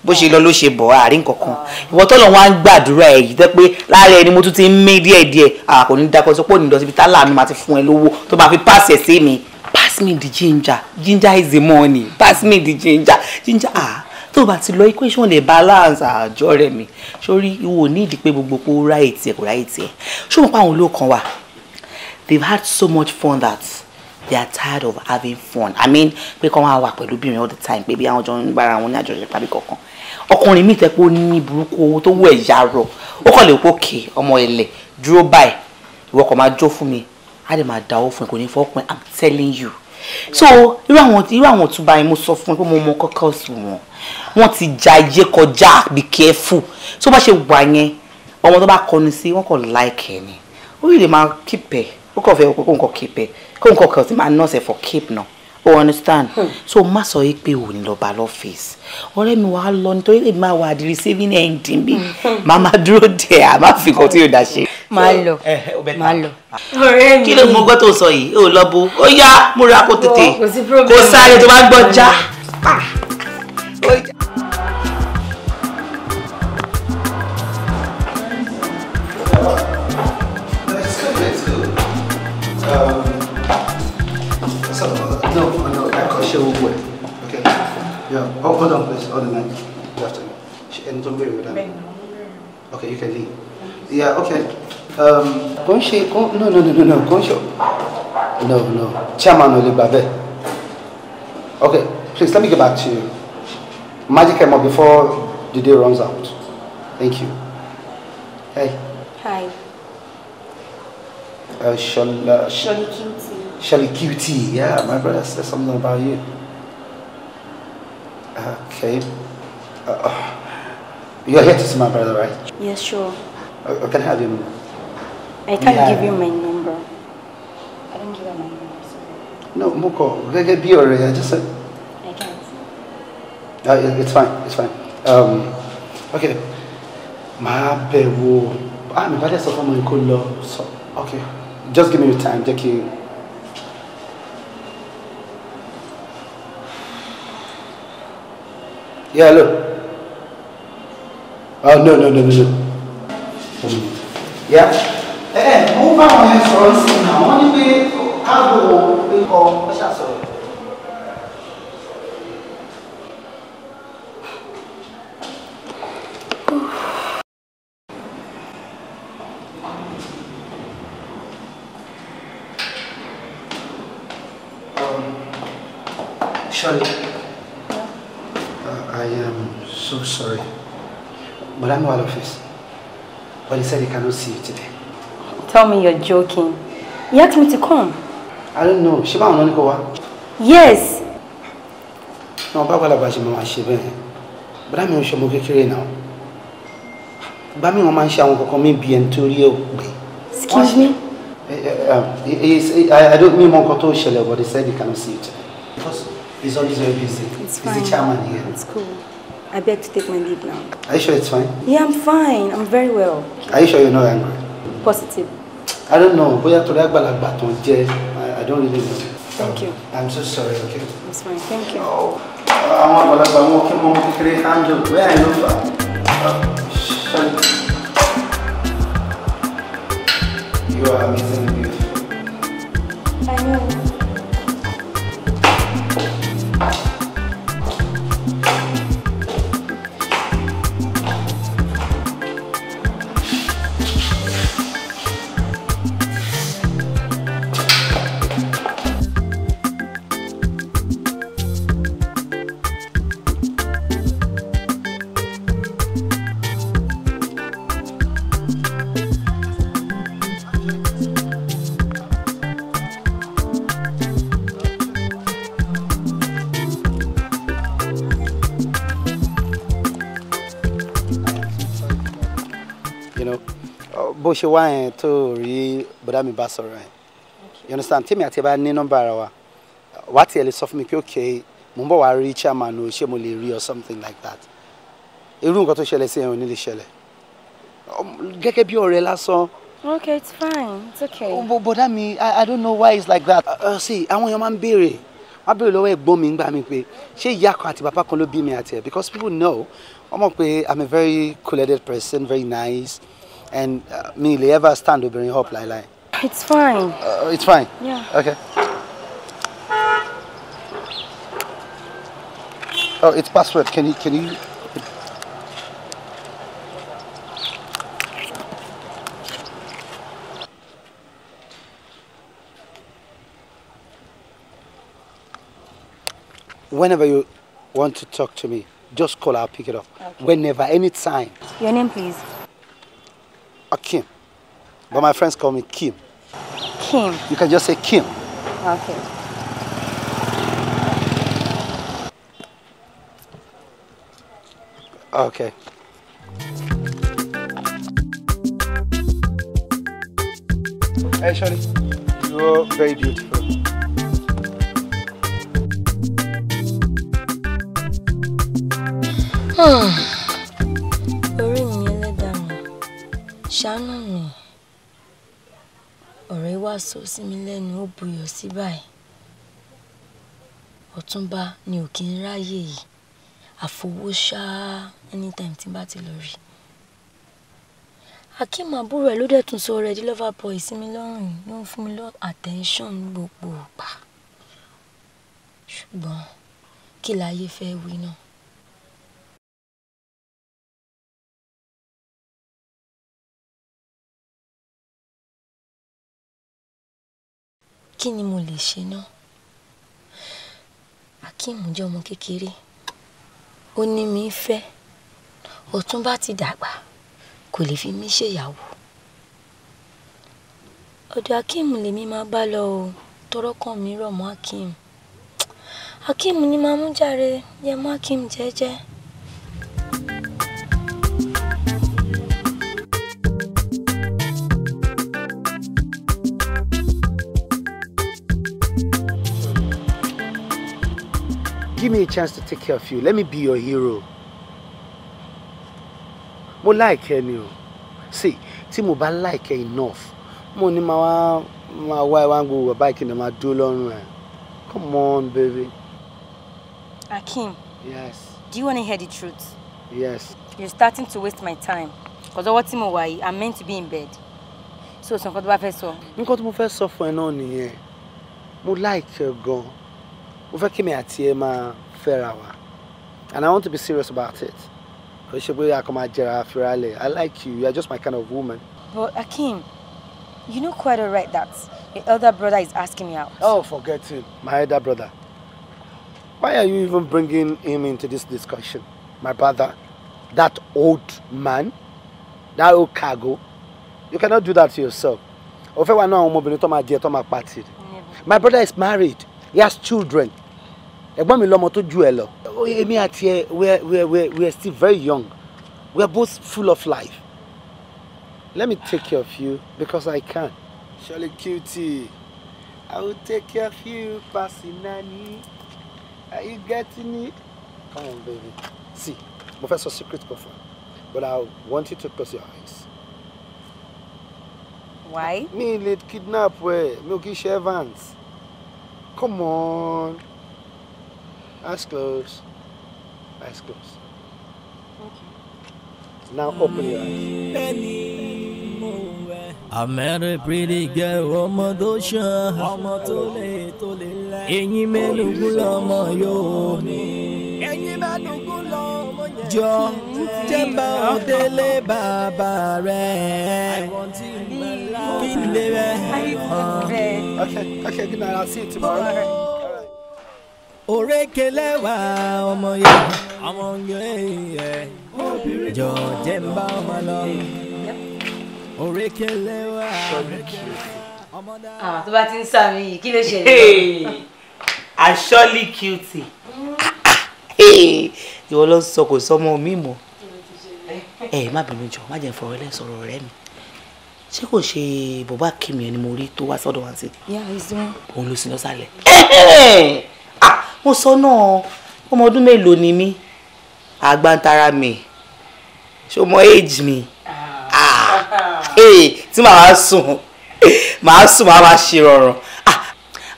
bó ṣe lọ ló ṣe bọ̀ àárín kankan ah. ìwọ tó lọ ń gbàdúrà ẹ yìí tẹ pé lára ẹni mo tún ti ń mí díẹ̀ díẹ̀ àkò ní dákọ sọ pé òní láàánú máa ti fún ẹ lówó tó máa fi pàṣẹ sí mi pass me the ginger ginger is the money pass me the ginger ginger ah tó o bá ti lọ equation lè balance àjọ rẹ mi sórí ìwọ ní ìdí pé gbogbo pé ó ráyè tiẹ̀ kò ráyè tiẹ̀ ṣùgbọ́n pa àwọn olóòkan wa they have had so much fun that they are tired of having fun i mean pé kọ́ wọn á wà pẹ̀lú obìnrin all the time pé bí àwọn jọ ń gbára wọn ní àjọṣepọ̀ àbí kankan ọkùnrin mi tẹpẹ ó ní burúkú owó tó wù ẹyà rọ ó kàn lè pókè ọmọ ilẹ̀ dúró báyìí ìwọ kàn máa jó fún mi á lè máa dáwọ́ fún ẹ kò ní fọpin i'm telling you so irú àwọn irú àwọn òtúba yẹn mo sọ fún ẹ pé mo mọ kọkọ sùn wọn wọn ti ja ayé kọjá be careful tó bá ṣe wà yẹn ọmọ tó bá kọni sí wọn kàn like ẹ ni ó yìí lè máa keep ẹ ó kàn fẹ́ kó nǹkan keep ẹ kó nǹkan kan sì máa nọ́ọ̀sẹ̀ for keep náà. No o understand hmm. so má sọ yìí pé òun lọ bá lọ́fíìsì ọ̀rẹ́ mi wàá lọ nítorí lè máa wà di receiving end bí hmm. màmá dúró dé à má fi nǹkan tí yóò dá ṣe. má lọ eh, eh, má lọ. ọ̀rẹ́ mi kí ló mú ọgbọ́n tó sọ yìí ó lọ bó ó yá múra kó tètè kó sáré tó bá gbọ́ já. Ah. Um, she will go. Okay. Yeah. Oh, hold on, please. Hold on. Good afternoon. She ends up with that. Okay, you can leave. Yeah. Okay. Um, go no, no, no, no, no. Go No, no. Chairman Olibabe. Okay. Please let me get back to you. Magic came up before the day runs out. Thank you. Hey. Hi. Uh, Shola. Sholikin. Shelly QT. Yeah, my brother said something about you. Okay. Uh, you're here to see my brother, right? Yes, sure. Uh, uh can I have him? I can't yeah. give you my number. I don't give you my number. Sorry. No, Moko, get bí ọ̀rẹ́, I just said. I can't. Uh, it's fine, it's fine. Um, okay. Ah, my bẹ̀wò. Ah, mi bá dẹ̀ sọ fún ọmọ yìí kó lọ. Okay, just give me your time, Jackie. Yeah, look. Oh, ah, no, no, no, no, no. Yeah? Eh, eh move on bá wọn sọ̀rọ̀ sí i náà, wọ́n ní pé káàbọ̀ pé kọ́ ọ́ But he said he cannot see you today. Tell me you're joking. He asked me to come. I don't know. Ṣé báwọn ló ní kó wá? Yes. No, but what about máa ṣe bẹ́ẹ̀. Bọ́dá mi ò ṣọmọ kékeré náà. Ìgbà mi wọ́n máa ń ṣe àwọn kankan mí bí ẹni tó rí ẹ̀ pé. Excuse me. I don't mean nǹkan tó ṣẹlẹ̀ but he said he cannot see you today. Because he's always very busy. It's fine. He's the chairman here. It's cool. I beg to take my leave now. Are you sure it's fine? Yeah, I'm fine. I'm very well. Are you sure you're not angry? Positive. I don't know. Bóyá torí àgbàlagbà tó jẹ́, I don't really know. Thank you. I'm so sorry, okay? It's fine, thank you. Oh, àwọn àgbàlagbà wọn kí wọ́n kékeré handle where I know from. Sorry. You are amazing. ṣe wá yẹn tó rí bọ́dá mi bá sọ̀rọ̀ yẹn you understand tèmi àti ẹ bá ní nọ́mbà ara wa wà á tiẹ̀ lè sọ fún mi pé ok mo ń bọ̀ wá rí chairman o ṣé mo lè rí or something like that irú nǹkan tó ṣẹlẹ̀ sí ẹ̀ ní lè ṣẹlẹ̀ um, gẹ́gẹ́ bí ọ̀rẹ́ lásán. okay it's fine it's okay. Um, bọ́dá mi I, i don't know why it's like that. Uh, uh, see àwọn èèyàn máa ń béèrè wọ́n béèrè lọ́wọ́ ẹ̀gbọ́n mi ń gbà mí pé ṣé ìyá kan àti bàbá kan ló bí mi àti ẹ̀ because people know wọ́n mọ̀ pé i'm a very cool-headed person very nice and uh, me le ever stand bring hope, like it's fine. Uh, it's fine. yeah. okay. Oh, it's password. Can you can you? Whenever you want to talk to me, just call. I'll pick it up. Okay. Whenever, anytime. Your name, please. Kim. But my friends call me Kim. Kim. You can just say Kim. Okay. Okay. Hey, You're very beautiful. ṣàánú mi ọ̀rọ̀ wá sọ sí mi lẹ́nu ó buyọ̀ sí báyìí ọ̀túnba ni ò kí ń ráyè yìí àfowóṣá anytime tí n bá ti lọ rí akeem àbúrò ẹ̀ ló dẹ̀ tún sọ ọ̀rẹ́ di lover boy sí mi lọ́rùn ló ń fún mi lọ attention ní gbogbo ìgbà ṣùgbọ́n kí láyé fẹ́ wí náà kí ni mo lè ṣe náà akeem jẹ́ ọmọ kékeré ó ní mi fẹ́ ọ̀túnba ti dàgbà kò lè fi mí ṣèyàwó ọ̀dọ̀ akeem lèmi máa bá lọ o tọrọkàn mi rọ̀ mọ́ akeem akeem ni màá mú jàre yẹ mọ́ akeem jẹ́jẹ́. give me a chance to take care of you let me be your hero mo like ẹ ni see tí mo like ẹ enough mo ni ma wá ma wá ẹ wá ń gbogbo bàbá ìkìlọ̀ máa dúró lọ́rùn come on baby. Akeem. yes. do you want to hear the truth. yes. you're starting to waste my time cause ọwọ́ tí mo wà i'm meant to be in bed so sọ nǹkan tó bá fẹ́ sọ. nǹkan tó mo fẹ́ sọ fún ẹ náà mo like ẹ gan mo fẹ́ kí mi àti ẹ and I want to be serious about it kò ṣe pé akọ máa jẹra fìràlẹ̀ I like you you are just my kind of woman. But Akim, you know quite all right that your elder brother is asking me out. Oh, forget him, my elder brother. Why are you even bringing him into this discussion, my brother? That old man, that old cargo, you cannot do that to yourself. Ó fẹ́ wá náà àwọn ọmọbìnrin tó máa jẹ My brother is married. He has children ẹ̀gbọ́n mi lọ́mọ tó ju ẹ lọ. èmi àti ẹ we we we are still very young we are both full of life let me take care of you because I can. surely cutie I will take care of you personally are you getting it? come on baby see mo fẹ́ sọ secret kan fún ẹ but I want you to close your eyes. why. mi lè kidnap ẹ mi ò kì ṣe Evans come on. Eyes closed. Eyes closed. Okay. Now open your eyes. I met a pretty girl, ọmọ tó ṣan, ọmọ tó lè tó lè lẹ́. Eyín mẹ́lùkù lọ́mọ yóò ní. Eyín mẹ́lùkù lọ́mọ yẹn. Jọ jẹ́mbà òdélé bàbá rẹ̀. Kí ni rẹ̀? Okay, okay, good night. I'll see you tomorrow. òrékelẹ́wà ọmọ yẹn ọmọ yẹn jọ jẹ́ ń bá ọmọ lọ òrékelẹ́wà ọmọdé. àwọn ah, tó bá ti ń sàmì yìí kí ló ṣẹlẹ̀. asọ́lì cutie ìwọ ló ń sọ kò sọmọ mi mọ́ ẹ má bínú jọ má jẹ́ n fọ̀rọ̀ ẹlẹ́sọ̀rọ̀ rẹ mi ṣé kò ṣe bọ̀bá kìmìyàn ni mo rí tó wá sọ́dọ̀ wá sí. ìyá ìsún. òun ló sin lọ́sàlẹ̀ mo sọ náà ọmọ ọdún mélòó ni mí àgbàntara mi ṣọmọ age mi ah. Ah. Eh, tí màá sùn màá sùn màá máa ṣe rọrùn ah.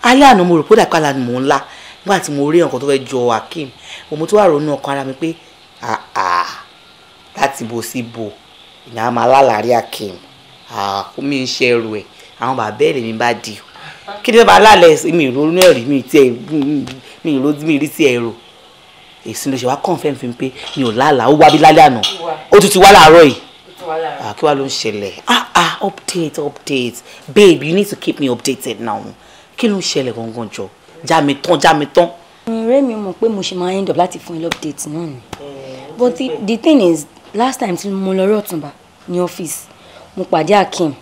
alẹ́ àná mo rò pé dàpàlà ni mò ń la nígbà tí mo rí nǹkan tó fẹ́ jọ Hakeem òun tó wà ronú ọkàn ara mi pé láti bo sí bo ìyá máa lálàárí Hakeem mi ń ṣe ẹrù ẹ̀ àwọn bàbá ẹ̀ lèmi bá di o kí ni bàbá alálẹ̀ mi ìrònú ẹ̀rí mi tiẹ̀ mi ìrònú mi rí tiẹ̀ rò èsì ló ṣe wá confirm fi pé mi ò lálàá ó wá bí lálẹ́ àná ó tún ti wá láàárọ̀ yìí kí wàá ló ń ṣẹlẹ̀ ah ah update update babe you need to keep me updated now kí ló ń ṣẹlẹ̀ gangan jọ já mi tán já mi tán. ìrẹ́ mi mọ̀ pé mo ṣe máa end up láti fún ilé update náà ni oh. but the, thing is last time tí mo lọ rí Ọ̀túnba ní ọ́fíìsì mo pàdé Akeem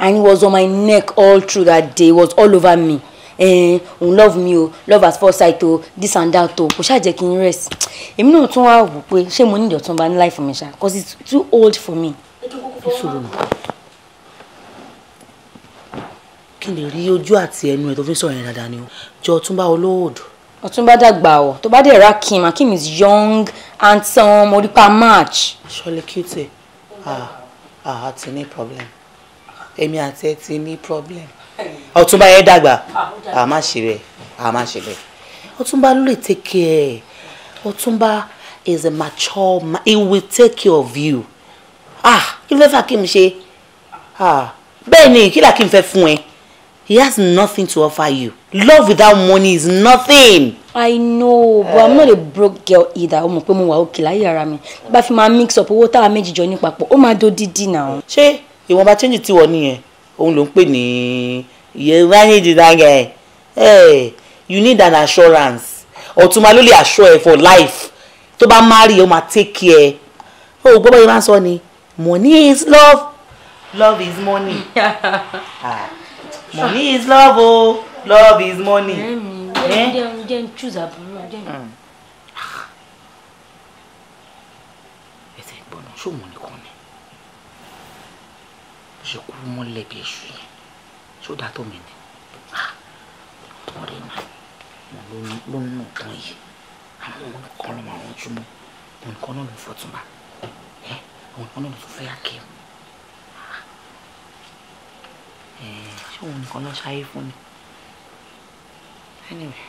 and he was on my neck all through that day he was all over me eh, òun love me o love at first sight o this and that o kò ṣáà jẹ́ kí n rest èmi náà tún wá wò pé ṣé mo ní ìdọ̀tún bá ní láì fún mi ṣá cause it's too old for me. ìṣòro kí lè rí ojú àti ẹnu ẹ tó fi sọ yẹn dáadáa ni o jọ Ọ̀túnba olóòdù. Ọ̀túnba dàgbà ọ tó bá dẹ̀ ra Kim Akim is young handsome orípa match. sọlẹ cute ah ah àti ní problem. Emi àti ẹ ti ní problem ọ̀túnba yẹn dàgbà a má ṣe bẹ́ẹ̀ a má ṣe bẹ́ẹ̀ ọ̀túnba ló lè take care ọ̀túnba is a mature man he will take care of you ah kí ló fẹ́ fà kí n ṣe ah bẹ́ẹ̀ ni kí là kí n fẹ́ fún ẹ he has nothing to offer you love without money is nothing. I know but I'm not a broke girl either. Ó mọ̀ pé mo wà òkè láyé ara mi. Bá fi máa mix up owó táwa méjì jọ ní papọ̀, ó máa dodidi náà. Ṣé ìwọ̀nba change ti wọ̀ nìyẹn òun ló ń pè ní yorùbá ní ìdìdàgẹ̀ ẹ̀ you need an assurance ọ̀túnba ló lè assure for life tó bá marry ó máa take care ó gbọ́ báyìí máa ń sọ ni money is love love is money ah, money is love o oh. love is money. Eh? jẹ́ ń choose àbúrò jẹ́ ń. ẹsẹ̀ gbọ́nà ṣó ṣe kú mọ́lẹ̀ bí yẹn ṣó dáa mi ni ah, ọ̀rẹ́ náà mo ló ń nù tán àwọn olùkọ́ ló máa ń jùmọ̀ òun kan náà ló fọ̀túnba ẹ òun náà ló tún fẹ́ àkẹ́ ah, ṣé òun nìkan ṣáyé fún mi. anyway.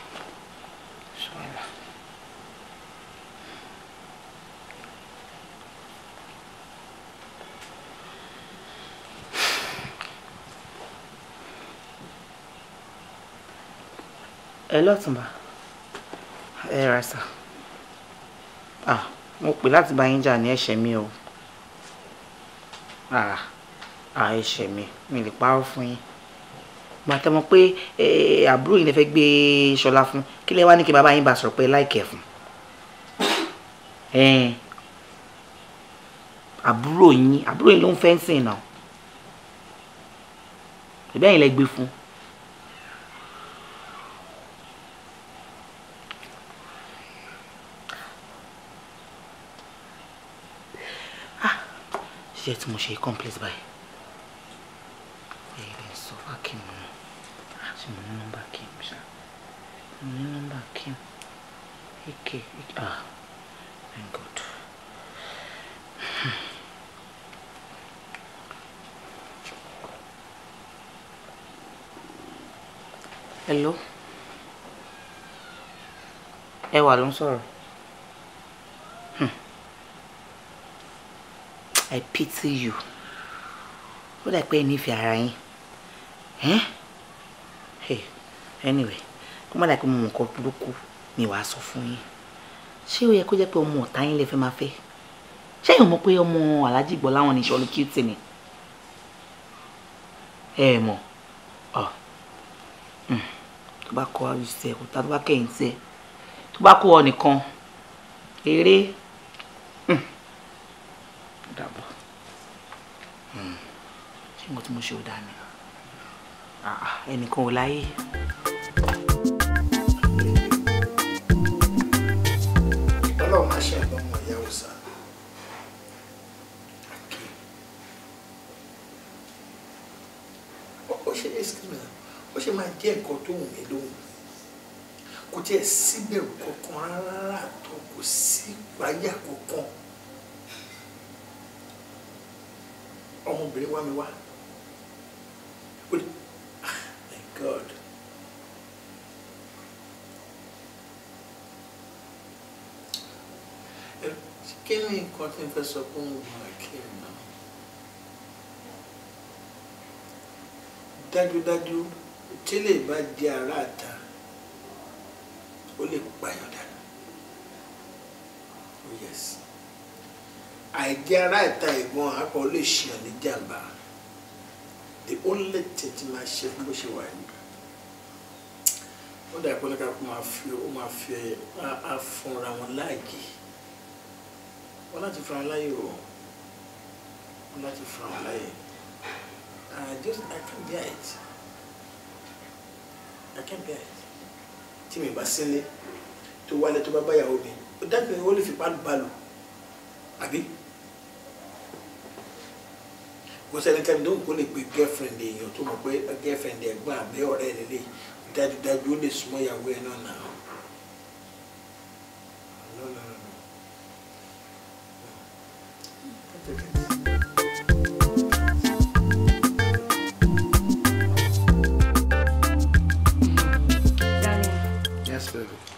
ẹ lọ́tùnbà ẹ rà ah mo pè láti bá yín jà ní ẹ̀ṣẹ̀ mi o Ah, ah ẹ̀ṣẹ̀ mi mi lè parọ́ fún yín gbàtẹ́ mọ̀ pé àbúrò yìí lè fẹ́ gbé ṣọlá fún kí lè wá ní kí bàbá yín bá sọ̀rọ̀ pé láìkẹ́ fún àbúrò yín àbúrò yín ló ń fẹ́ ń sìn náà ìbẹ́yìn lẹ gbé fún un. iṣẹ́ tí mo ṣe complete báyìí ẹ̀yìn lè sọ fákìm nù ah, ṣe mo ní nọ́mbà kim ṣá mo ní nọ́mbà kim ike ike ah thank God. Hello. Hello. Ẹwà ló ń sọ̀rọ̀. I pity you ó dà pé nífẹ̀ẹ́ ara yín anyway kó má dà pé mo mọ̀ nǹkan burúkú ni wàá sọ fún yín ṣé ó yẹ kó jẹ́ pé ọmọ ọ̀tá yín lè fẹ́ máa fẹ́ ṣé èèyàn mọ̀ pé ọmọ aláàjì gbọ́ láwọn ní ìṣọ́lù cute ni ẹ mọ̀ ọ hmm. tó bá kọ́ you kó tá tó bá kẹ́yìn tẹ tó bá kó ọ nìkan eré. ń ṣe ó dá ni ah, ah, ẹnìkan ò láyé. ọlọ́run máa ṣe àgbọ̀n ọmọ ìyá òòsà. ó ṣe ó ṣe máa jẹ́ nǹkan tó wù mí lóhùn kò tiẹ̀ síbẹ̀rù kankan rárá tó kò sí wáyà kankan ọmọbìnrin wá mi wá. kí ni nǹkan tí n fẹ́ sọ fún Hakeem náà dájúdájú tí lè bá di aráàta ó lè pààyàn dànù oh, yes àìjẹ́ aráàta ìbọn àpò ó lè ṣèyàn ní jàǹbá the only thing tí máa ṣe fún bó ṣe wà ní ó dà pé ó lè ká kó máa fi ó máa fi á fúnra wọn láàyè wọn láti fara láyè o wọn láti fara láyè I uh, just I can't bear it I can't bear it tí mi bá sílé tó wálé tó bá báyàwó mi ó dábìí ó lè fipá balò àbí kò sẹ́nikẹ́ni tó ń kó lè pe girlfriend èèyàn tó mọ̀ pé girlfriend ẹ̀gbọ́n àbẹ́ ọ̀rẹ́ rẹ̀ lè dájúdájú ó lè súnmọ́ ìyàwó ẹ̀ náà náà.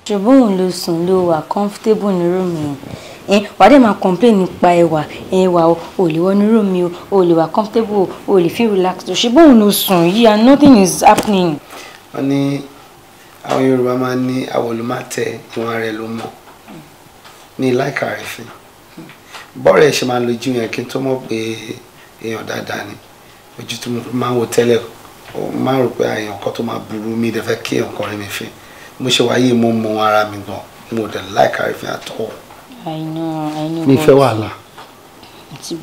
ṣùgbọ́n òun ló sùn ló wà comfortable ní rúùmù yẹn wà á dẹ̀ máa complain nípa ẹwà ẹwà o ò lè wọnú rúùmù o ò lè wà comfortable o ò lè feel relaxed o ṣùgbọ́n òun ló sùn yìí nothing is happening. wọ́n ní àwọn Yorùbá máa ń ní àwọ̀ ló máa tẹ ìwọ̀n rẹ̀ ló mọ̀ ní láìka rẹ̀ fún un bọ́ọ̀rẹ̀ ṣe máa ń lójú yẹn kí n tó mọ̀ pé èèyàn dáadáa ni ojú tó máa ń wo tẹ́lẹ̀ ó máa ń rò pé àyàn ah, kan tó máa burú mi dẹ̀ fẹ́ kí nǹkan rẹ̀ mi fi mo ṣe wáyé mo mọ ara mi gan mo dẹ̀ láìka rẹ̀ fi àtọ̀. àìnú àìnú bọ́ọ̀lù mi fẹ́ wàhálà. mo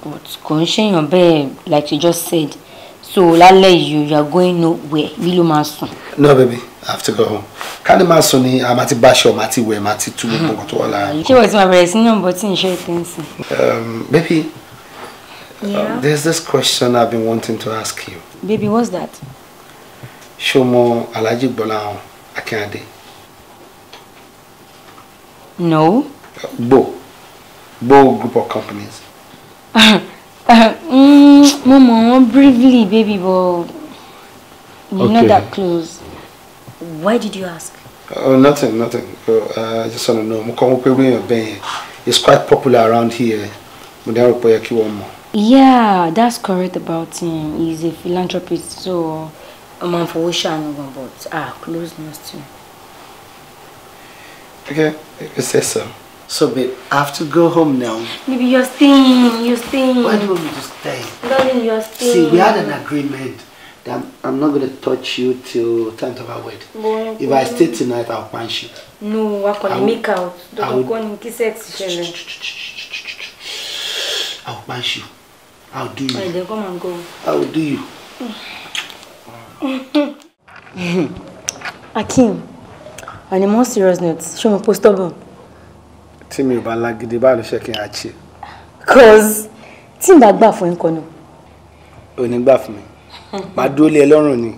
gbọ́ kò ń ṣèyàn bẹ́ẹ̀ like you just said so lálẹ́ yìí you are going nowhere bí ló máa sùn. no baby i have to go home kálí máa sùn ni a máa ti báṣọ máa ti wẹ̀ máa ti tú gbogbo nǹkan tó wà lára. ṣé wọ́n ti máa bẹ̀rẹ̀ sí ní ọ̀bọ tí n ṣe ìtẹ́ǹsì. baby um, yeah. um, there's this question i've been wanting to ask you. baby what's that. ṣo mọ alhaji gbọ́láhàn akínadé. no. gbo gbo group of companies. Mm, mo mọ̀ briefly baby but we're okay. not that close. Why did you ask? Oh, nothing, nothing. Oh, uh, I just want to know. Mo kàn wọ́n pé wíyàn It's quite popular around here. Mo dárò pé ó Yeah, that's correct about him. He's a philanthropist, so I'm um, for Ocean, but ah, close news to Okay, if you say so. So, babe, I have to go home now. Baby, you're staying. You're staying. Why do you want me to stay? Darling, you're staying. See, we had an agreement that I'm, I'm not going to touch you till time to our wed. Bon, If bon. I stay tonight, I'll punch you. No, I can make out. Don't go and kiss sex. I'll punch you. I'll do you. Well, then come and go. I'll do you. Akim, on a more serious note, show me post stubborn tí mi ò bá lágídí báwo ló ṣe kí n cause tí n bá gbà fún nǹkan náà. ò ní gbà fún mi màá dúró lé ẹ lọ́rùn ni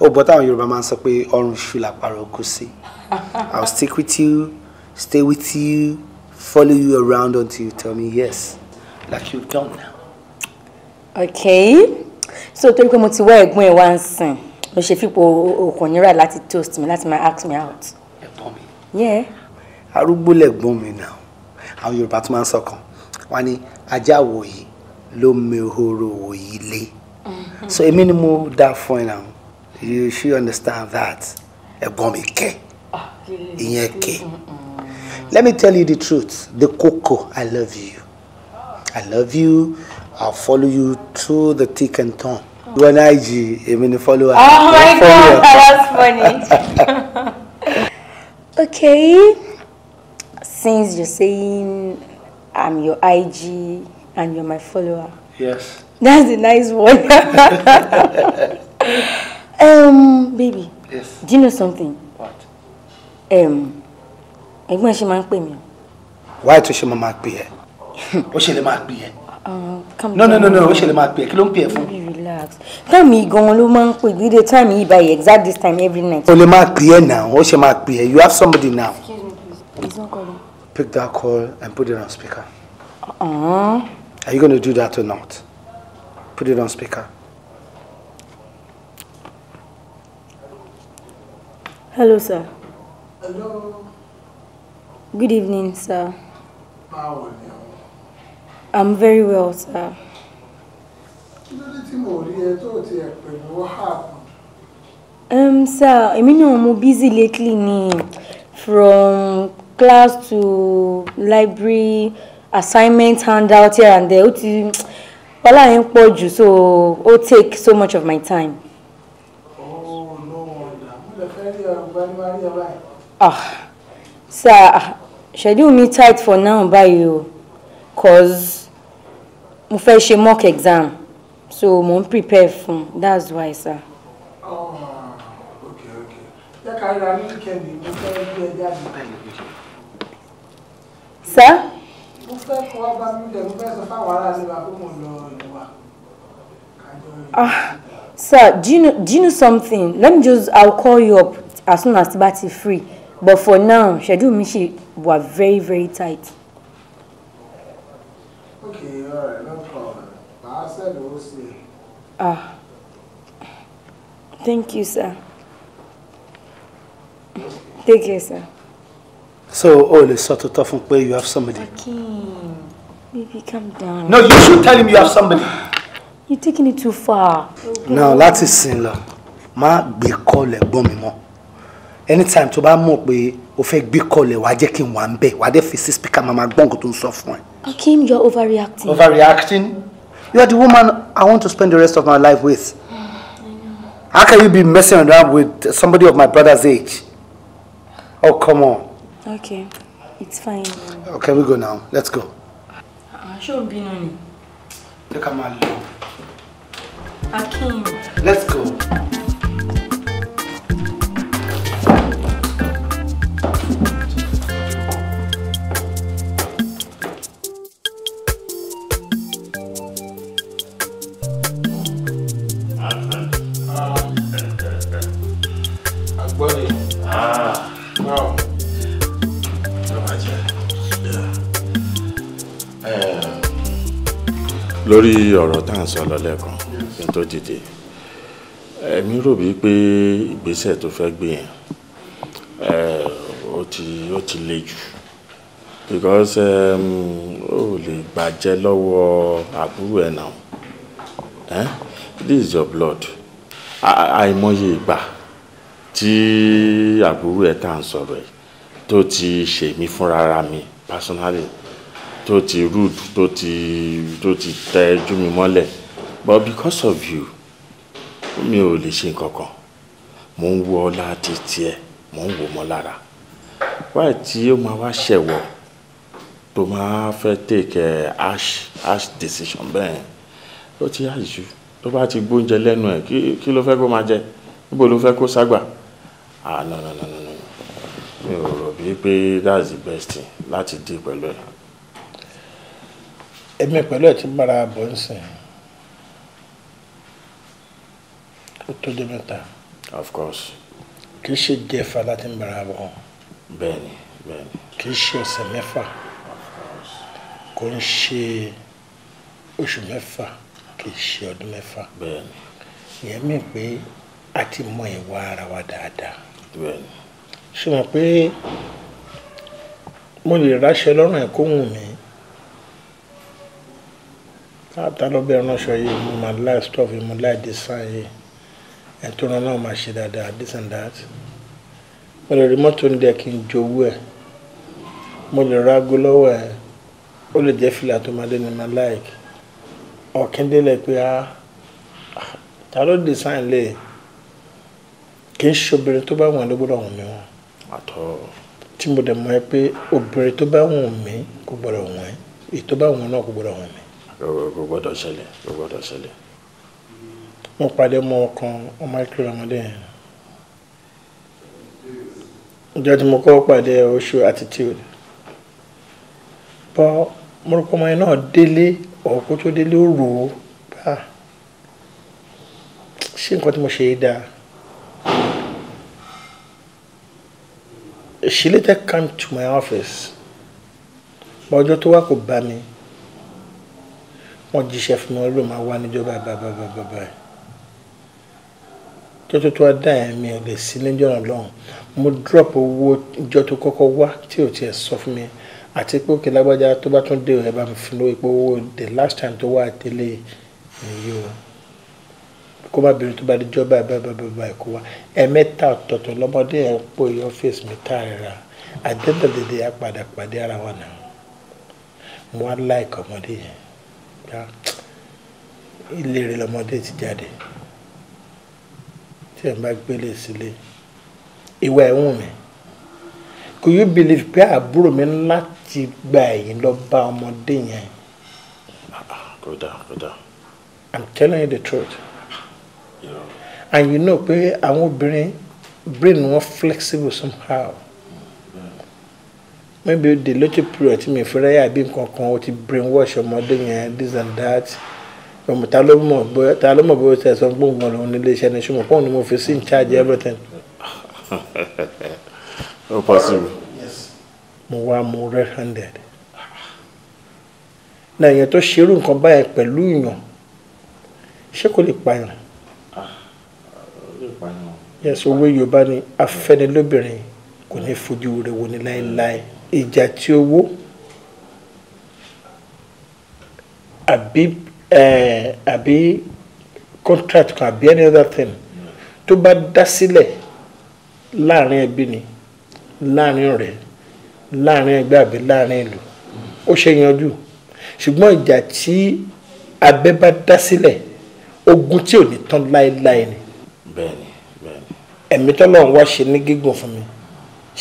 ó bọ́ táwọn yorùbá máa ń so pé ọrùn ṣù làpàrọ̀ kù sí i will stick with you stay with you follow you around until you tell me yes like you've done now. okay so torí pé mo ti wá ẹ̀gbọ́n ẹ̀ wá ń sìn mo ṣe fipò okùn nira láti toast mi láti máa ask me out. yeah arúgbó lẹ̀gbọ́n mi náà àwọn yorùbá tó máa ń sọkàn wọn ni ajá wòyí ló mehoro wòyí lé mm-hmm. so èmi ni mo dá fún ẹ náà you should understand that ẹ̀gbọ́n mi kẹ́ ah, ìyẹn kẹ́ let me tell you the truth the koko i love you i love you i'll follow you through the thick and thorn. You náà jì èmi ni oh follow her. oh my god that's funny. okay since you're saying I'm your IG and you're my follower. Yes. That's a nice one. um, baby. Yes. Do you know something? What? Um, ẹ̀gbọ́n ṣe máa ń pè mí. Why tó ṣe máa máa pè ẹ́? Ó ṣe lè máa pè ẹ́. Uh, no no no no ó ṣe lè máa pè ẹ́ kí ló ń pè ẹ́ relax. Tell me, go on, máa ń pè ní the time yìí by exact this time every night. O lè máa pè now, ó ṣe máa pè you have somebody now. Excuse me please, he's not calling pick that call and put it on speaker. Uh uh-uh. Aww. Are you going to do that or not? Put it on speaker. Hello, sir. Hello. Good evening, sir. How are you? I'm very well, sir. Um, sir, I mean, I'm busy lately, ni from class to library assignment handout here and there ó ti wàhálà yẹn pọ̀ jù so ó take so much of my time. ah sir ah, schedule me tight for now báyìí o cause mo fẹ́ ṣe mock exam so mo ń prepare fún that's why sir. Oh, okay, okay sá. ah sir do you know do you know something let me just i'll call you up as soon as tí bá free but for now schedule me. She were very very tight. okay all right no problem màá sẹ́dọ̀ ó sì. ah thank you sir take care sir so o oh, lè sọ tuntun fún pé you have somebody. Akeem, baby calm down. no you should tell him you have somebody. You're taking it too far. Okay. no láti sìn lọ má gbé kọlẹ̀ gbọ́n mi mọ́ anytime tó bá mọ̀ pé o fẹ́ gbé kọlẹ̀ wàá jẹ́ kí n wà ń bẹ̀ speaker mama gbọ́n kó tó ń sọ you're overreacting. overreacting you are the woman I want to spend the rest of my life with. I know. How can you be messing around with somebody of my brother's age? Oh, come on. Okay, it's fine. Okay, we go now. Let's go. I should be ni? Jẹ́ ká máa lọ. Akin. Let's go. lórí ọ̀rọ̀ tá à ń sọ lọ́lẹ́kan kí n tó dìde èmi rò bíi pé ìgbésẹ̀ tó fẹ́ gbé yẹn ó ti le jù because ó lè gbàjẹ́ lọ́wọ́ àbúrò ẹ̀ náà this is your blood àìmọye ìgbà tí àbúrò ẹ̀ tá à ń sọ̀rọ̀ ẹ̀ tó ti ṣèmí fúnra mi personally tó ti rude tó ti tó ti tẹ ojú mi mọ́lẹ̀ but because of you mi ò lè ṣe nǹkan kan mò ń wo ọlá títí ẹ mò ń wò mọ́ lára wáyé tí ó máa wá ṣẹ̀wọ̀ tó máa fẹ́ take eh, ash ash decision bẹ́ẹ̀ ó ti yá jù tó bá ti gbóúnjẹ lẹ́nu ẹ̀ kí ló fẹ́ kó máa jẹ níbo ló fẹ́ kó ságbà ah no no no no no mi ò rò bíi pé that's the best thing láti dé pẹ̀lú ẹ̀ èmi pẹ̀lú ẹ̀ ti bára bọ̀ ń sìn ó tó dé mẹ́ta. of course. kì í ṣe jẹ́fà láti ń bára bọ̀. bẹ́ẹ̀ni bẹ́ẹ̀ni. kì í ṣe ọ̀sẹ̀ mẹ́fà kò ń ṣe oṣù mẹ́fà kì í ṣe ọdún mẹ́fà. bẹ́ẹ̀ni. ìyẹn mi pé a ti mọ ìwà ara wa dáadáa. bẹ́ẹ̀ni. ṣùgbọ́n pé mo lè ráṣẹ lọ́rùn ẹ̀ kó wù mí ta ló bẹ̀rẹ̀ ránṣọ yìí mo máa láì stuff yìí mo láì design yìí ẹ̀ tó rán náà máa ṣe dáadáa this and that mo lè rí mọ́tò ní dẹ́ kí n jowú ẹ̀ mo lè ra aago lọ́wọ́ ẹ̀ ó lè jẹ́ fìlà tó máa dé ní ma like ọ̀kíndélẹ̀ pé a ah, ah, ta ló design lè e? kì í ṣe obìnrin tó bá wọn ló gbọ́dọ̀ wọ̀n mi wọn. àtọ. tí mo dẹ̀ mọ̀ ẹ́ pé obìnrin tó bá wọ̀n mi kò gbọ́dọ̀ wọ̀n ẹ́ èyí bá wọ̀n náà kò gbọ́dọ̀ wọ̀n mi kò gbọ́dọ̀ ṣẹlẹ̀ kò mo pàdé mọ ọkàn ọmọ ìkírò ọmọdé yẹn ìjọ tí mo kọ́ pàdé oṣù attitude bọ́ mo rò pé ọmọ yẹn náà délé ọ̀kú tó délé ó rò ó bá ah, ṣé nǹkan tí mo ṣe é dáa. She later came to my office. Bọ́jọ́ tó wá kò bá mi wọ́n jíṣẹ́ fún mi ló máa wá níjọba bàbàbàbà jọ́tò tó wá dá ẹ̀ mi lè sí níjọ́ náà mo drop owó ìjọ tó kọ́kọ́ wá tí ò tiẹ̀ sọ fún mi àti pé òkè lágbájá tó bá tún dé ẹ̀ bá mi fún lórí pé owó the last time tó wá àtẹlé nìyí o kó má bínú tó bá díjọ́ báyìí báyìí báyìí báyìí kó wá ẹ̀mẹ́ta ọ̀tọ̀ọ̀tọ̀ lọ́mọdé ẹ̀ ń pò ọ́fíìsì mi tá àrẹ̀rà àdéhùn dèdè apàdà ara wa náà mo wá láìka ọmọdé yẹn gbà ah, ilé lọmọdé ti jáde tí ẹ̀ bá gbélé sílé ìwà ẹ̀wọ̀n mi could you believe pé àbúrò mi láti gba ẹ̀yìn lọ bá ọmọdé yẹn. kódà ah, kódà. I'm telling you the truth. and you know pé àwọn obìnrin brain wọn flexible somehow maybe the lójú period tí mi fẹ́rẹ́ yà bí nǹkan kan o ti brain wash ọmọdé yẹn this and that ọmọ ta ló mọ̀ bóyá ta ló mọ̀ bóyá tẹ̀ sọ gbóngbòn lòun nílé iṣẹ́ ni ṣùgbọ́n pọ́ùn ni mo fi sí in charge everything. no oh, possible. mo wá mo red handed. na èèyàn tó ṣerú nǹkan báyẹn pẹ̀lú ìyàn ṣé kò lè pààyàn. Ah, yẹ́sọ̀ owó Yorùbá ni afẹ́nilóbìnrin kò ní fojú rẹ̀ wò ní láéláé ìjà tí owó àbí àbí contract kan àbí any other thing tó bá dá sílẹ̀ láàrin ẹbí ni láàrin ọ̀rẹ́ láàrin ẹgbẹ́ àbí láàrin ìlú ó ṣe yanjú ṣùgbọ́n ìjà tí abẹ́ bá dá sílẹ̀ ogun tí ò ní tán láéláé ni ẹ̀mí tọ́lọ́run wá ṣe ní gígùn fún mi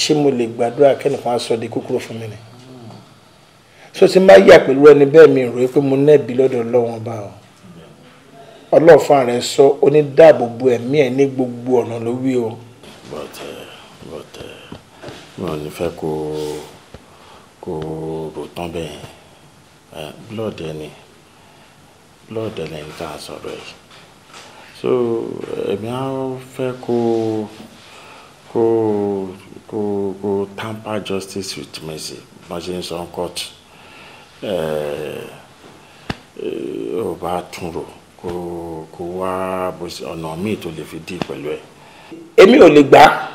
ṣé mo lè gbàdúrà kẹ́nìkan aṣọ di kúkúrú fún mi ni so ti máa yà pẹ̀lú ẹni bẹ́ẹ̀ mi rò pé mo nẹ́bi lọ́dọ̀ ọlọ́run ọba o ọlọ́run fún ààrẹ sọ onídàbòbò ẹ̀mí ẹ̀ ní gbogbo ọ̀nà ló wí o. bọ́tẹ̀ eh, bọ́tẹ̀ eh, mi ní fẹ́ kó kó rò tán bẹ́ẹ̀ eh, blood ẹni blood ẹni tá a sọ̀rọ̀ yìí so ẹ̀mí á fẹ́ kó. Ko kò kò kò tamper justice with mercy bá ṣe ń sọ ń court ò bá tún rò kò kò wá ọ̀nà míì tó lè fi dì pẹ̀lú ẹ̀. èmi ò lè gbà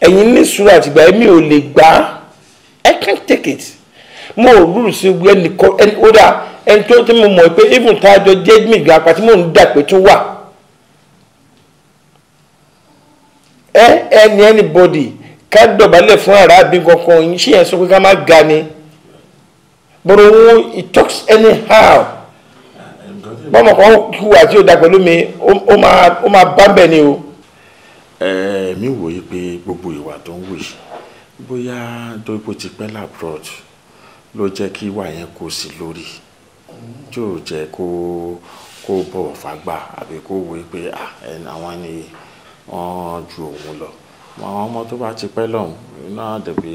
ẹ̀yin ní sùúrù àtìgbà èmi ò lè gbà I can't take it mo ò rúrù sí wíwẹ́ nìkan ẹni ó dà ẹni tó ti mo mọ̀ pé even tájọ jẹ́ mi gan apá tí mò ń dà pé tó wà. ẹ ẹni anybody ká dọ̀bálẹ̀ fún aráàbí kankan yìí ṣé yẹn sọ pé ká má ga ni bọ̀rọ̀ wọn talks anyhow bọ́mọ kan kú àti òdà pẹ̀lú mi ó máa bá bẹ̀ ni o. mi wòye pé gbogbo ìwà tó ń wù yìí bóyá dóipò ti pẹ́ labroad ló jẹ́ kí ìwà yẹn kó sí lórí yóò jẹ́ kó kó bọ̀wọ̀ fágbà àbí kó wòye pé àwọn ni wọ́n ju òun lọ àwọn ọmọ tó bá ti pẹ́ lọ́hùn náà dẹ̀bi.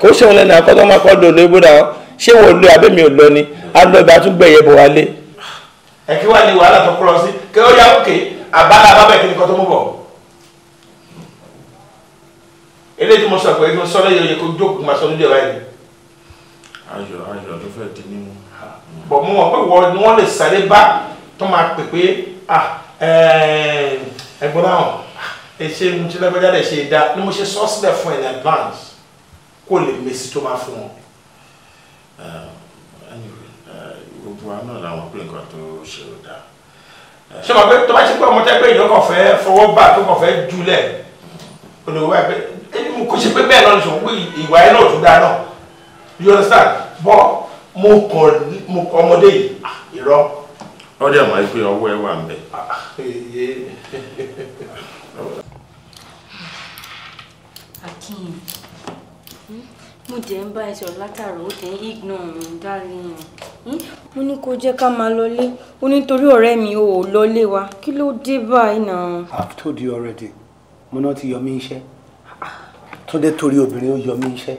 kó ṣeun lẹ́nu àkọ́tọ́ máa kọ́ dòdò ibùdó àwọn ṣé wọn lo abẹ́mi ò lọ ni alọ́ba tún gbẹ̀yẹ̀ bọ̀ wálé. ẹ kí wàá ní wàhálà tó kúrọ sí kí ó yá òkè àbálà àbábẹ̀ kí ni kò tó mú bọ̀. eléyìí tí mo sọ pé inú sọlẹ yẹ kó jókòó máa sọ nídìí ọ̀rá yìí. ayọ̀ ayọ̀ ló fẹ́ di nínú. bọ̀ mo mọ̀ pé wọ́n ni lè sáré bá tó máa pè pé ah eh, ẹ̀gbọ́n náà ẹ ṣe mo ti lágbájá dẹ ṣe é dá ni mo ṣe sọ sílẹ̀ fún ẹ ní advance kó lè mèsì tó máa fún ọ. gbogbo àwọn náà làwọn pé nǹkan tó ṣe ò dáa. ṣé màá pé tó bá ṣe pé ọmọ tẹ́ pé ìjọ kàn fẹ́ fọwọ́ bà tó kàn fẹ́ júlẹ̀ olùwà pé ẹni mo kò ṣe pé bẹ́ẹ̀ náà ni ṣòwò pé ìwà ẹ náà tún dáa náà you understand bọ́ mo kàn ọmọdé yìí ah, irọ́ wọ́n dẹ̀ máa ń ọwọ́ ẹ wà ń bẹ̀. mo jẹ́ ń bá ẹ sọ̀rọ̀ látàrọ̀ ó tẹ̀ ń ignore darling mo hm? ní kó jẹ́ ká máa lọlé ó nítorí ọ̀rẹ́ mi ò lọlé wa kí ló dé báyìí náà. I've told you already mo náà ti yọ mí iṣẹ́ Túndé torí obìnrin ó yọ mí iṣẹ́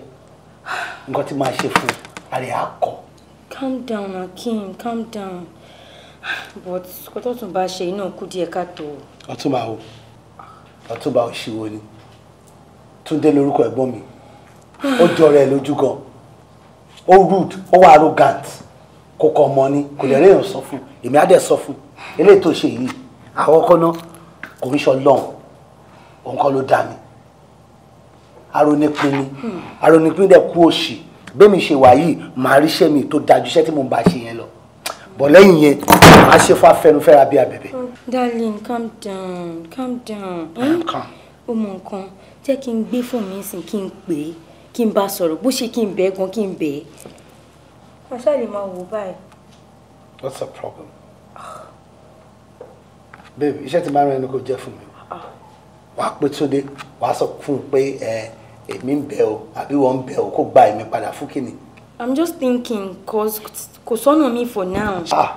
nǹkan tí màá ṣe fún un àrẹ àkọ. calm down akin calm down but kò tó tún bá ṣe iná kú díẹ̀ káàtó. ọtúnba o ọtúnba òṣìwò ni túndé lórúkọ ẹ̀gbọ́n mi ó jọra ẹ lójú gan ó rude ó wà arrogant kò kọ ọmọ ni kò lè réèyàn sọ fún èmi á dẹ̀ sọ fún eléyìí tó ṣe yìí àkọ́kọ́ náà kò ń sọ lọ́hùn òun kọ́ ló dá mi aronipin ni hmm. aronipin dẹ̀ kú òṣì bẹ́ẹ̀ ṣe wà yìí màá ríṣẹ́ mi tó dájú iṣẹ́ tí mo bá ṣe yẹn lọ bọ̀ lẹ́yìn yẹn a ṣe fún afẹnufẹ́ra bí abẹ́bẹ́. Oh, darling calm down calm down. ó oh, mọ nǹkan jẹ́ kí n gbé fún mi sìn kí n pè é kí n bá sọ̀rọ̀ bó ṣe kí n bẹ́ẹ̀ gan kí n bẹ́ẹ̀. wọ́n ṣáà lè máa wò báyìí. what's the problem? babe iṣẹ́ tí máa ń rán ẹni kò jẹ́ fún mi ah. wàá pé Túndé wàá sọ fún un pé ẹ èmi ń bẹ̀ o àbí wọ́n ń bẹ̀ o kó gba èmi padà fún kíni. i'm just thinking cause kò sọ́nà mi for now. Ah,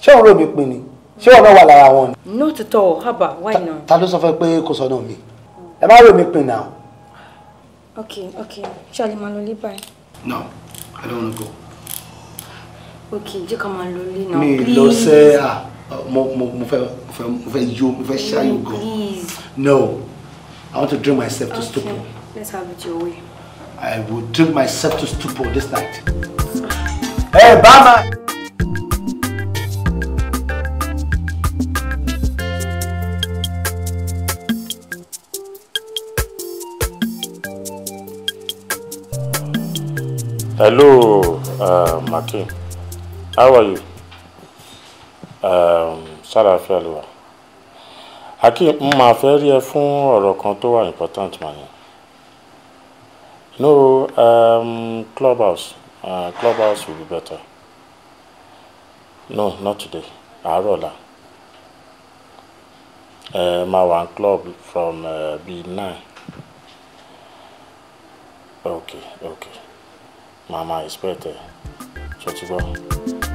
ṣé òun rò mí pin ni ṣé òun náà wà lára wọn ni. not at all haba why not. ta ló sọ fẹ́ pé kò sọ́nà mi ẹ má rò mí pin now. ok ok ṣáàlì máa lọ lé báyìí. no i don't wanna go. ok jẹ́ ká máa lọ lé náà please. mi lọ sẹ́ à ah, mo mo mo fẹ́ mo fẹ́ mo fẹ́ yó mo fẹ́ ṣáàyò gan. no i want to drink myself to okay. stupor. let's have it your way. I will drink myself to stupor this night. Ah. Hey, Bama. Hello, uh, Makin. How are you? Um, Ṣàlàáfíà ló wà. Akin, mo máa fẹ́ rí ẹ fún kan tó wà important mà ní. No, um, clubhouse uh, clubhouse will be better no not today àárọ̀ la uh, máa wà club from uh, bí nine okay okay Mama is better. So, ti gbọ́.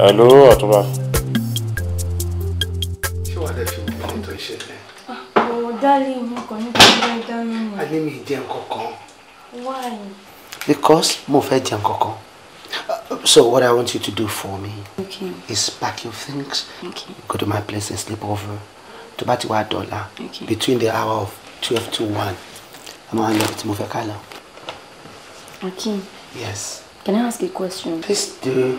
Hello, Ọ̀túnba. Ṣé wàá lè fi wọ́n tó ń ṣẹlẹ̀? Ọ̀rọ̀ dálé inú kan ní Why? Because mo fẹ́ uh, So what I want you to do for me okay. is pack your things, okay. go to my place and sleep over. To buy ti dollar. dọ́là between the hour of twelve to one. Àmọ́ àwọn ọ̀rọ̀ tí move. fẹ́ ká lọ. Yes. Can I ask a question? Please do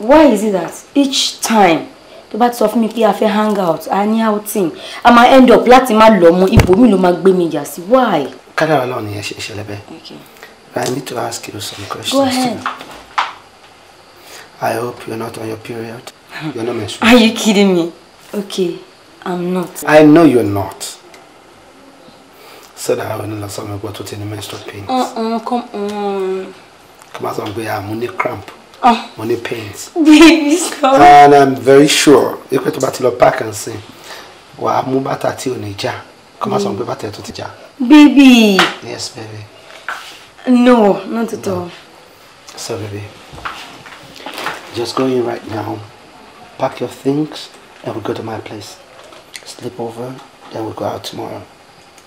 why is it that each time tó bá ti me fún mi a fẹ́ hang out a outing a máa end up láti má lọ mọ ibòmíì ló máa gbé mi jà sí why. kádàrá náà nìyẹn ṣe ìṣẹ̀lẹ̀ Okay. but I need to ask you some questions. go ahead. I hope you're not on your period. You're not menstruating. Are you kidding me? Okay, I'm not. I know you're not. So that I will have let someone go to the menstrual pains. Uh-uh, come on. Come on, I'm going to cramp. oh. money the Baby, And I'm very sure you could about to pack and say, Wa mú bàtà tí ò ní já. Come on, go back to ja. Baby. Yes, baby. No, not at no. all. So, baby, just go in right now. Pack your things and we'll go to my place. Sleep over, then we'll go out tomorrow.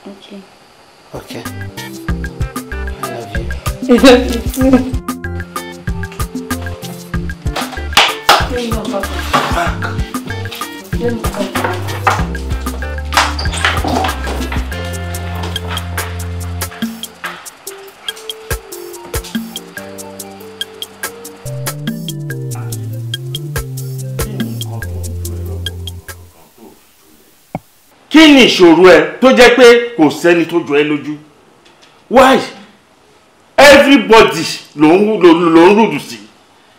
Okay. Okay. I love you. kí ni ìṣòro ẹ tó jẹ́ pé kò sẹ́ni tó jọ ẹ lójú why everybody ló ń rúdù sí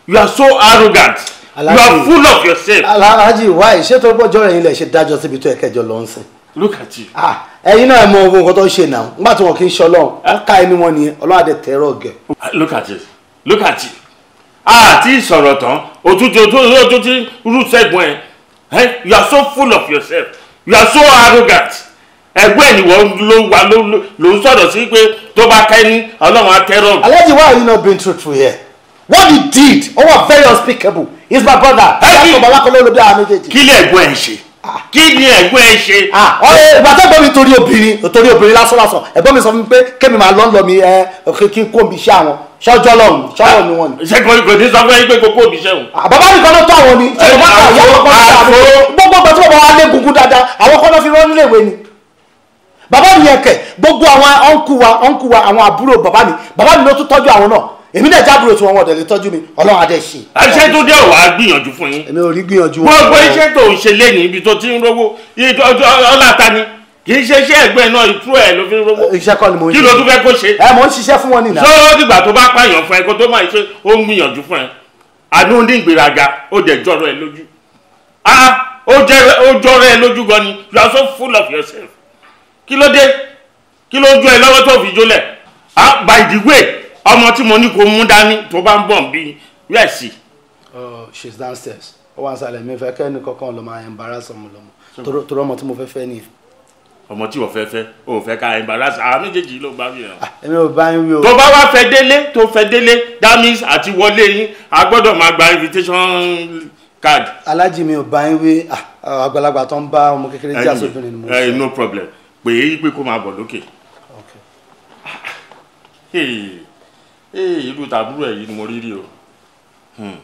you are so arrogant you are full of yourself. alhaji why ṣé tó gbọ́jọ́ rẹ̀ yín lẹ̀ ṣe dájọ́ síbi tó ẹ̀kẹ́jọ lọ ń sìn. look at you. ah ẹ̀yin náà mọ ohun nǹkan tó ń ṣe náà nígbà tí wọn kì í ṣe Ọlọ́run ká ẹni wọn nìyẹn Ọlọ́run àdẹ tẹ̀rọ gẹ̀. Ah, look at you look at you àti ah, ìsọ̀rọ̀ tán òtútù òtútù rú sẹ́gun ẹ̀ you are so full of yourself you are so arrogant ẹgbẹ́ ìwọ ló wà ló ń sọ̀rọ̀ sí pé tó bá kẹ́ni Ọlọ́run á tẹ̀rọ. alhaji why are you not being truthful here what you did ó wà very unspeakable he's my brother. ẹ kí kí ni ẹ̀gbọ́n ẹ̀ ń ṣe kí ni ẹ̀gbọ́n ẹ̀ ṣe. Ah. ọ̀rẹ́ ah, oh, eh, ìgbà tó gbọ́ mi torí obìnrin torí obìnrin lásán lásán ẹ̀gbọ́n mi sọ fún mi pé kémi máa lọ́ọ́ lọ mi ẹ eh, kí n kó mi ṣe àwọn sọjọ́ lọ́hùn sọ́wọ́ ni wọ́n ni. ṣé kò kò ní sọ fún yín pé kókó mi ṣẹ́hùn. Ah, bàbá mi kan ló tó àwọn ni ṣé bàbá kan yàrá kan tó àwọn ni gbogbo ọgbà tí bàbá wa lé gungun dáadáa àwọn kan náà fi rán níléèwé ni. bàbá mi yẹn kẹ gbogbo àwọn ọ̀nkù wa ọ̀nkù wa àwọn àbúrò bàbá mi bàbá mi ló tún tọ́jú àwọn náà èmi náà jábúrò tí wọn wọ̀ tẹ̀lé tọ́jú mi ọlọ́run adé ṣe. iṣẹ́ tó dé ọ̀wá gbìyànjú fún yín. èmi ò rí gbìyànjú wọn. gbogbo iṣẹ́ tó ń ṣe lẹ́yìn ibi tó ti ń rówó ọ̀làta ni kì í ṣe iṣẹ́ ẹ̀gbẹ́ náà ìtú ẹ̀ ló fi ń rówó. iṣẹ́ kọ́ ni mo ń ṣe kí ló tún fẹ́ kó ṣe. ẹ mò ń ṣiṣẹ́ fún wọn nìyà. sọ́wọ́ dìgbà tó bá pààyàn fún ẹ kó tó máa ṣe ó ń gbìyànjú fún ẹ. àánú ní ìgbéraga ó jẹ jọrọ ẹ lójú. ó jọrọ ẹ lójú gan ni you are so full of yourself. kí ló dé kí ló jó ẹ lọ́wọ́ tó fi jólẹ̀. by the way ọmọ tí mo ní kó mú dání tó bá ń bọ̀ bí rẹ̀ sí. Oh, she is downstairs ó wá sálẹ̀ mi fẹ́ kẹ́ni kankan ló máa embarrass ọmọ lọ́mọ torí ọmọ tí mo fẹ́ fẹ́ nìyẹn. ọmọ tí wọ́n fẹ́ fẹ́ o fẹ́ ká embarrass àwọn méjèèjì ló bá yẹn. Ah, èmi ò bá ń wí o. tó bá wá fẹ́ délé tó fẹ́ délé that means àti wọlé yín a gbọ́dọ̀ máa gba invitation card. alájì mi ò bá ń wí ah, àgbàlagbà tó ń bá ọmọ kékeré jà sóbìn ni mo sọ. Eh, no problem pè é pé kó máa okay. Ah, hey ee eh, ìlú tàbúrò ẹ̀ yìí ni mo rí rí o. Hmm.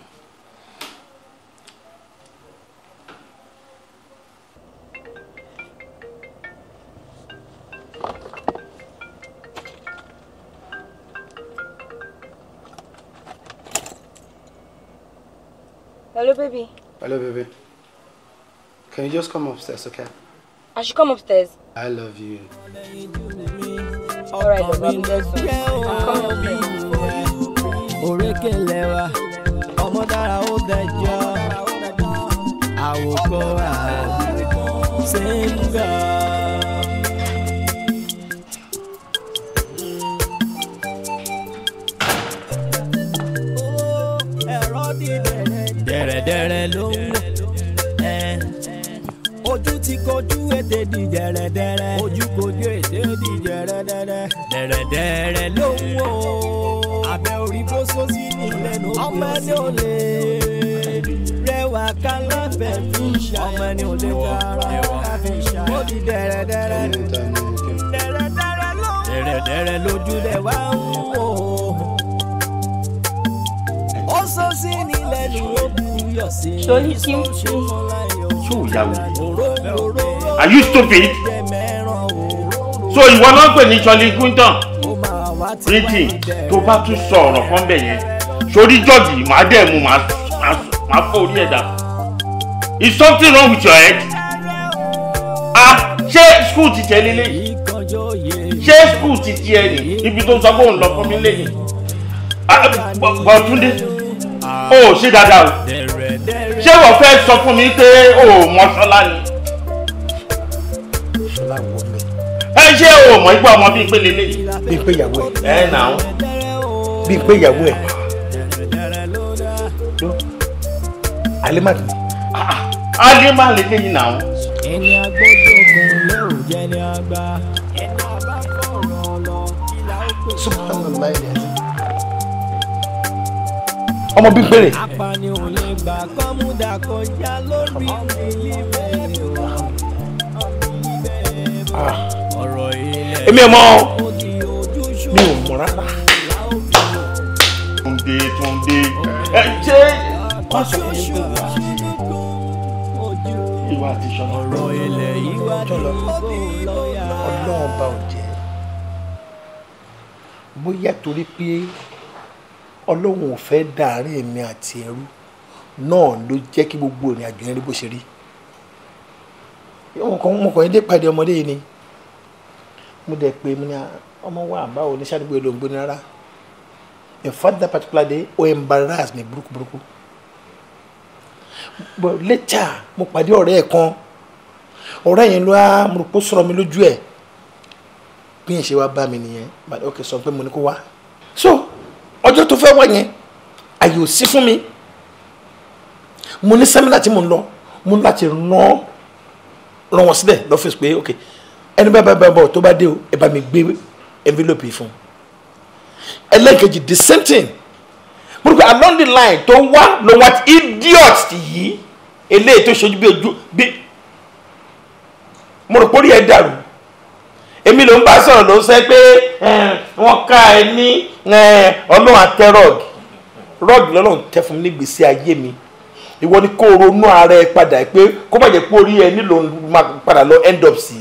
Hello, baby. Hello, baby. Can you just come upstairs, okay? I should come upstairs. I love you ọkàn mi yẹ omi rẹ òrékèlè wa ọmọ dára ó dẹjọ́ àwòkọ́ àwọn ṣe ń gbọ́. dẹ̀rẹ̀dẹ̀rẹ̀ ló ń wò. ojú ti kojú ètè di dẹ̀rẹ̀dẹ̀rẹ̀. ojú kojú ètè di dẹ̀rẹ̀dẹ̀rẹ̀ dẹ̀rẹ̀dẹ̀rẹ̀ ló ń wò ó abẹ́ orí bó sósì nílẹ̀ ló fi ọmọ ẹni ò lè rẹwà ká lábẹ́ fi ṣe ọmọ ẹni ò lè wọ káfí ṣe ó di dẹ̀rẹ̀dẹ̀rẹ̀ dẹ̀rẹ̀dẹ̀rẹ̀ ló ń wò ó dẹ̀rẹ̀dẹ̀rẹ̀ lójú rẹ̀ wá ń wò ó Show him. Show Are you stupid? so ìwọ náà pè ní Charlie Quinton Quinton tó bá tún sọ ọ̀rọ̀ kan bẹ̀ yẹn sórí jọ́ọ̀gì màá dẹ̀ mú màá fọ́ orí ẹ̀ dà is something wrong with your head ah ṣé school ti tẹ̀ lélẹ́yìí ṣé school ti tiẹ̀ ni ibi tó sọ pé òun lọ fún mi lẹ́yìn ah, bọ̀túndé o ò ṣe dáadáa o ṣé wọ́n fẹ́ sọ fún mi pé o ò mọ ni ẹ ṣé o mọ̀ ipò ọmọ bíi pé lélẹ́yìí. bíi pé ìyàwó ẹ. ẹ nà ó. bíi pé ìyàwó ẹ. alimadi. alimadi lélẹ́yìí nà ó. ẹni agbẹ́jọ́gun lẹ́rù jẹ́ ọmọ bí péré. apani èmi mọ mi ò mọ rárá. Túndé Túndé ẹ ṣe wọ́n sọ fún mi pé ìwà àti ìṣọ̀nà ọ̀rọ̀ ilẹ̀ ìwà jọ̀lọ̀ ọlọ́run bá ò jẹ́ bóyá torí pé ọlọ́run ò fẹ́ dàárín èmi àti ẹrú náà ló jẹ́ kí gbogbo ìrìn àjò yẹn rí bó ṣe rí. mo kàn ń dé pàdé ọmọdé yìí ni mo dẹ̀ pé mo ní ọmọ wa báwo ní sádùúgbò èlò ògbóni rárá in fact that particular day o embarrass me burúkú burúkú but later mo pàdé ọ̀rẹ́ ẹ̀ kan ọ̀rẹ́ yẹn ló á mo sọ̀rọ̀ mi lójú ẹ̀ bí yẹn ṣe wá bá mi nìyẹn but ok sọ pé mo ní kó wá so ọjọ́ tó fẹ́ wá yẹn àyè ò sí fún mi mo ní sẹ́mínà tí mo ń lọ mo ní láti rán rán sílẹ̀ lọ́fíìsì pé ok ẹni bá bá bọ̀ tó bá dé o ẹ bá mi gbé envelope yìí fún un ẹlẹ́kejì the same thing mo rò pé along the line tó ń wá ló wá idiot yìí eléyìí tó ṣojú bí ojú bí mo rò pé orí ẹ dàrú èmi ló ń bá sọ̀rọ̀ ló ń sẹ́ pé wọ́n ká ẹ ní ọlọ́run àtẹ rọ́ọ̀gì rọ́ọ̀gì lọ́lọ́run tẹ́ fún mi ní gbèsè ayé mi ìwọ ni kó ronú ara ẹ padà pé kó má jẹ́ pé orí ẹ nílò máa padà lọ end up sí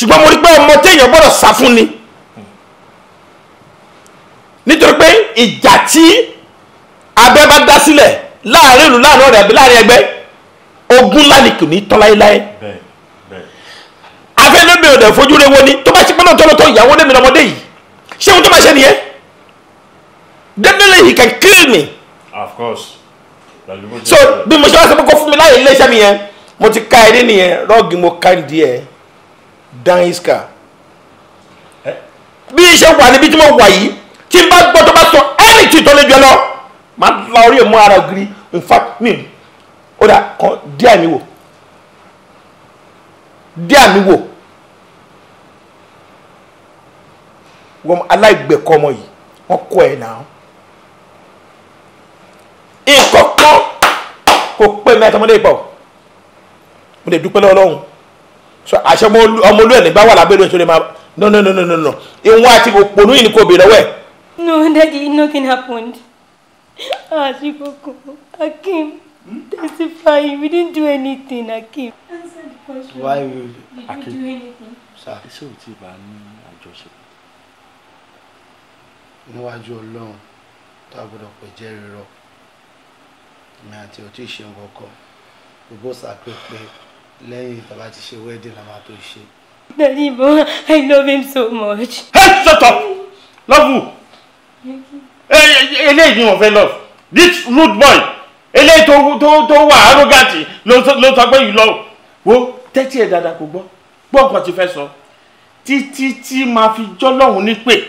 ṣùgbọ́n mo rí pé ọmọ téèyàn gbọ́dọ̀ sá fún ni nítorí pé ìjà tí abẹ́ bá dá sílẹ̀ láàrin ìlú láàrin ọ̀rẹ́ àbí láàrin ẹgbẹ́ ogun lálẹ́ ní tán láéláé afẹ́lẹ́mi ọ̀dẹ̀ fojú ni tó bá ṣe pẹ́lú ọ̀tọ́lọ́tọ́ ìyàwó lèmi lọ́mọdé yìí ṣé ohun tó bá ṣe nìyẹn definitely he can kill me. of course. so bí mo ṣe wá sọ pé kó fún mi láàyè ilé mi yẹn mo ti ka ẹni nìyẹn rọ́ọ̀gì mo ka ẹ̀ dan iska eh? bí iṣẹ́ wà níbi tí mo wà yìí tí n bá gbọ́ tó bá sọ ẹ̀rì tí tó lè jẹ lọ máa la orí ẹ̀ mọ́ ara ògiri in fact mi ó dà kan díẹ̀ mi wò díẹ̀ mi wò wọ́n aláìgbẹ̀kọ́ ọmọ yìí wọ́n kọ́ ẹ̀ náà nǹkan kan kò pé mẹ́ta ọmọdé pọ̀ mo lè dúpẹ́ lọ́wọ́ lọ́hùn so àṣẹ ọmọlú ẹ̀ nígbà wà lábẹ́lú ẹ̀ tó lè no no no no no no ìwọ̀n àti òpònú yìí ni kò béèrè ọwọ́ no daddy nothing happened asikoko ah, akim hmm? testify we didn't do anything akim. why we did we do anything. sir iṣẹ́ ò tí ì bá ní àjọṣepọ̀. níwájú ọlọ́run tá a gbọ́dọ̀ pè jẹ́ rírọ́ èmi àti ọtí ìṣe ń wọkọ̀ gbogbo sàgbé lẹ́yìn bàbá ti ṣe wedding la máa tó ṣe. Daddy Bo, I love him so much. Hey, shut up! Love who? Eléyìí ni wọ́n fẹ́ love. This rude boy. Eléyìí tó tó tó wà arrogant ló sọ pé you love. Wo tẹ́tí ẹ̀ dáadáa kò gbọ́. Gbọ́ nǹkan ti fẹ́ sọ. Títí tí máa fi jọ́lọ́hún ní pé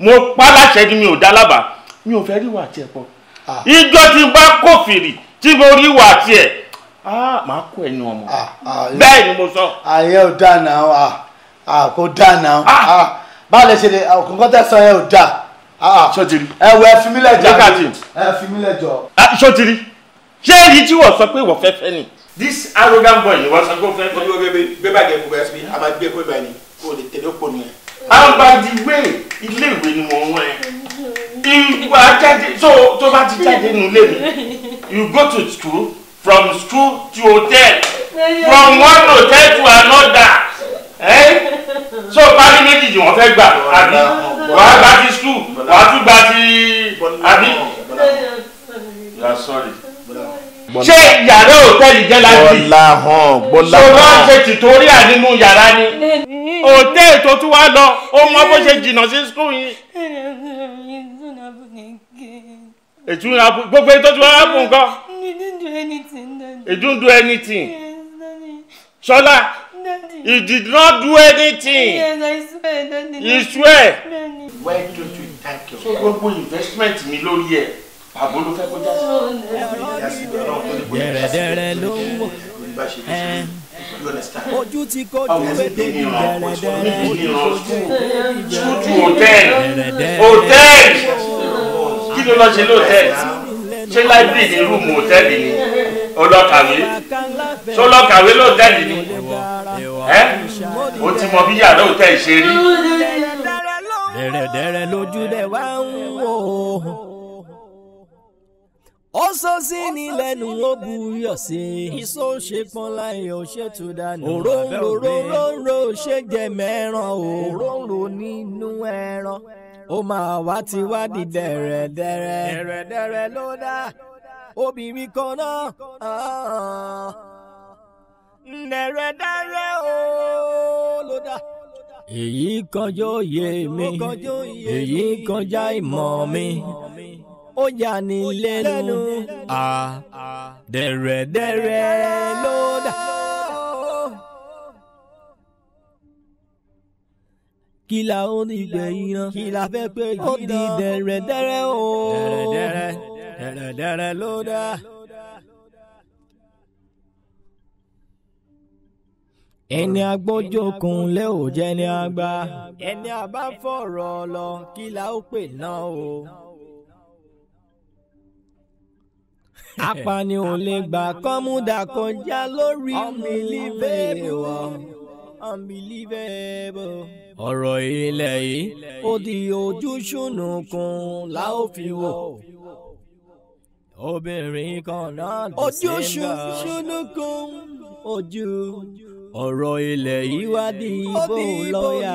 mo pa láṣẹ ni mi ò dá lábàá. Mi ò fẹ́ rí ìwà àti ẹ̀pọ̀. Ah. Ìjọ ti bá kófìrì tí mo rí ìwà àti ẹ̀. Ah, màá kó ẹnu ọmọ ah, ah, bẹ́ẹ̀ ni mo sọ. àyẹ̀ ò dáa náà à ah, kò dáa náà báwo lè ṣe lè kókó tẹ̀sán yẹn ò dáa. sotiri. ẹ wọ ẹ fi mí lẹ́jọ́ ẹ fi mí lẹ́jọ́. sotiri ṣé èyí tí wọ́n sọ pé wọ́n fẹ́ fẹ́ ni this arrogant boy ni wọ́n sọ pé wọ́n fẹ́ fẹ́. ojú bẹ́ẹ̀ bẹ́ẹ̀ bá gẹ̀ gbogbo ẹ̀sìn a máa gbé kó ibà ni kó o lè tẹ̀lé òpó nìyẹn. and by the way ilé ìwé ni mo ń rẹ ìgbà jáde tó bá ti jáde nù mi you go to school from school to hotel from one hotel to another eh? so parí méjì wọ́n fẹ́ gbà àbí wàá gba ti school wàá tún gba ti àbí. ṣé yàrá hòtẹ́ẹ̀lì jẹ́ láti ṣé wọ́n ṣe tutorial nínú yàrá ni hòtẹ́ẹ̀lì tó tún wá lọ ó mọ bó ṣe jìnnà sí school yìí ètùnú gbogbo ètò tí wọ́n á bù nǹkan. Daddy, you didn't do anything, Daddy. You didn't do anything? Yes, Daddy. Shola! Daddy. You did not do anything. Yes, I swear, Daddy. You swear? Daddy. Why don't you thank your So gbogbo investment mi lórí ẹ̀. Bàbá ló fẹ́ kọjá oh, sí. Dẹ̀rẹ̀dẹ̀rẹ̀ ló ń wọ̀. Ojú ti kojú pé kí ni dẹ̀rẹ̀dẹ̀rẹ̀ ojú. Tútù hòtẹ́ẹ̀lì hòtẹ́ẹ̀lì kí ló lọ ṣe lóòtẹ́ẹ̀lì? ṣé library ni rúùmù òtẹ́ẹ̀lì ni ọlọ́kàwé ṣọlọ́kàwé lọ́tẹ́ẹ̀lì ni ẹ́ o ti mọ bí yàrá òtẹ́ẹ̀lì ṣe rí. dẹ̀rẹ̀dẹ̀rẹ̀ lójú dẹ̀ wá ń wò ó sọ sí ní lẹ́nu ó buyọ̀ sí i. ń ṣe pọn láì ṣe tó dànù. òróǹro òróǹro ṣe jẹ mẹ́ràn o. òróǹro nínú ẹran ó máa wá ti wá di dẹ̀rẹ̀dẹ̀rẹ̀ dẹ̀rẹ̀dẹ̀rẹ̀ ló dá obìnrin kan náà dẹ̀rẹ̀dẹ̀rẹ̀ ó ló dá. èyí kọjá òye mi èyí kọjá ìmọ̀ mi ó yà ní lẹ́nu dẹ̀rẹ̀dẹ̀rẹ̀ ló dá. kí la ó ní gbẹ̀yìn náà kí la fẹ́ pé yìí náà ó di dẹ̀rẹ̀dẹ̀rẹ̀ o. dẹ̀rẹ̀dẹ̀rẹ̀ dẹ̀rẹ̀dẹ̀rẹ̀ ló dá. ẹni agbójókun lé ò jẹ́ ní àgbà ẹni àbáfọ̀rọ̀ lọ kí la ó pè náà o. apani ò lè gbà kọ́múdà kọjá lórí mi. unbelievable unbelievable ọ̀rọ̀ ilẹ̀ yìí ó di ojú ṣùnùkùn la ó fi wò obìnrin kan náà ló ṣe ń bọ̀ ojú ṣùnùkùn ojú ọ̀rọ̀ ilẹ̀ yìí wá di ibo lọ́yà.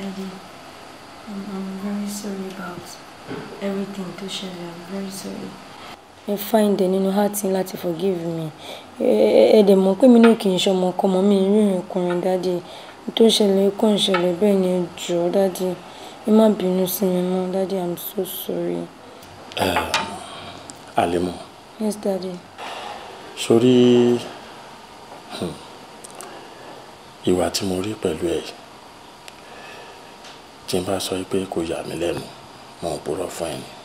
Daddy, I'm, I'm very sorry about everything tó ṣẹlẹ̀. I'm very sorry ẹ find ẹ nínú heart yín láti forgive me. Ẹ dẹ̀ mọ̀ pé mi náà kì í ṣe ọmọkọ́mọ, mi ò rí ìrìnkúrìn daddy. Ohun tó ṣẹlẹ̀ ó kàn ṣẹlẹ̀ bẹ́ẹ̀ ni, ẹ jọ̀ọ́ daddy. Ẹ má bínú sí mi mọ́ daddy, I'm so sorry. Eh, Àlẹ̀mọ́. Yes daddy. Sori hmm, ìwà tí mo rí pẹ̀lú ẹ yìí, tí n bá sọ pé kò yà mí lẹ́nu, mo ń purọ́ fún ẹ ni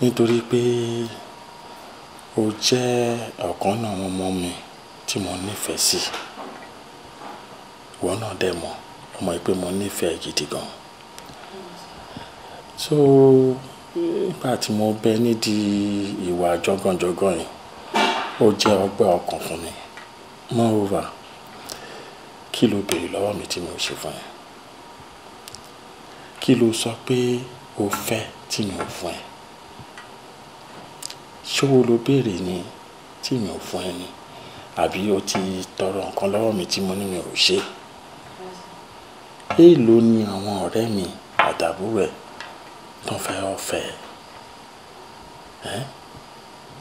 nítorí pé o jẹ́ ọ̀kan náà àwọn ọmọ mi tí mo nífẹ̀ẹ́ sí. Ìwọ náà dẹ̀ mọ̀, o mọ̀ pé mo nífẹ̀ẹ́ ẹ gidi gan. So nígbà tí mo bẹ nídìí ìwà jọ̀gànjọ̀gàn yìí, ó jẹ́ ọgbẹ́ ọkàn fún mi. Moreover, kí lo béèrè lọ́wọ́ mi tí mi ṣe fún ẹ? Kí lo sọ pé o fẹ́ tí mi fún ẹ? ṣówó ló béèrè ni tí mi ò fún ẹ ni àbí o ti tọrọ nǹkan lọ́wọ́ mi tí mo ní mi ò ṣe èèlò ni àwọn ọ̀rẹ́ mi àdàbúrò ẹ̀ tó fẹ́ ọ̀fẹ́ ẹ́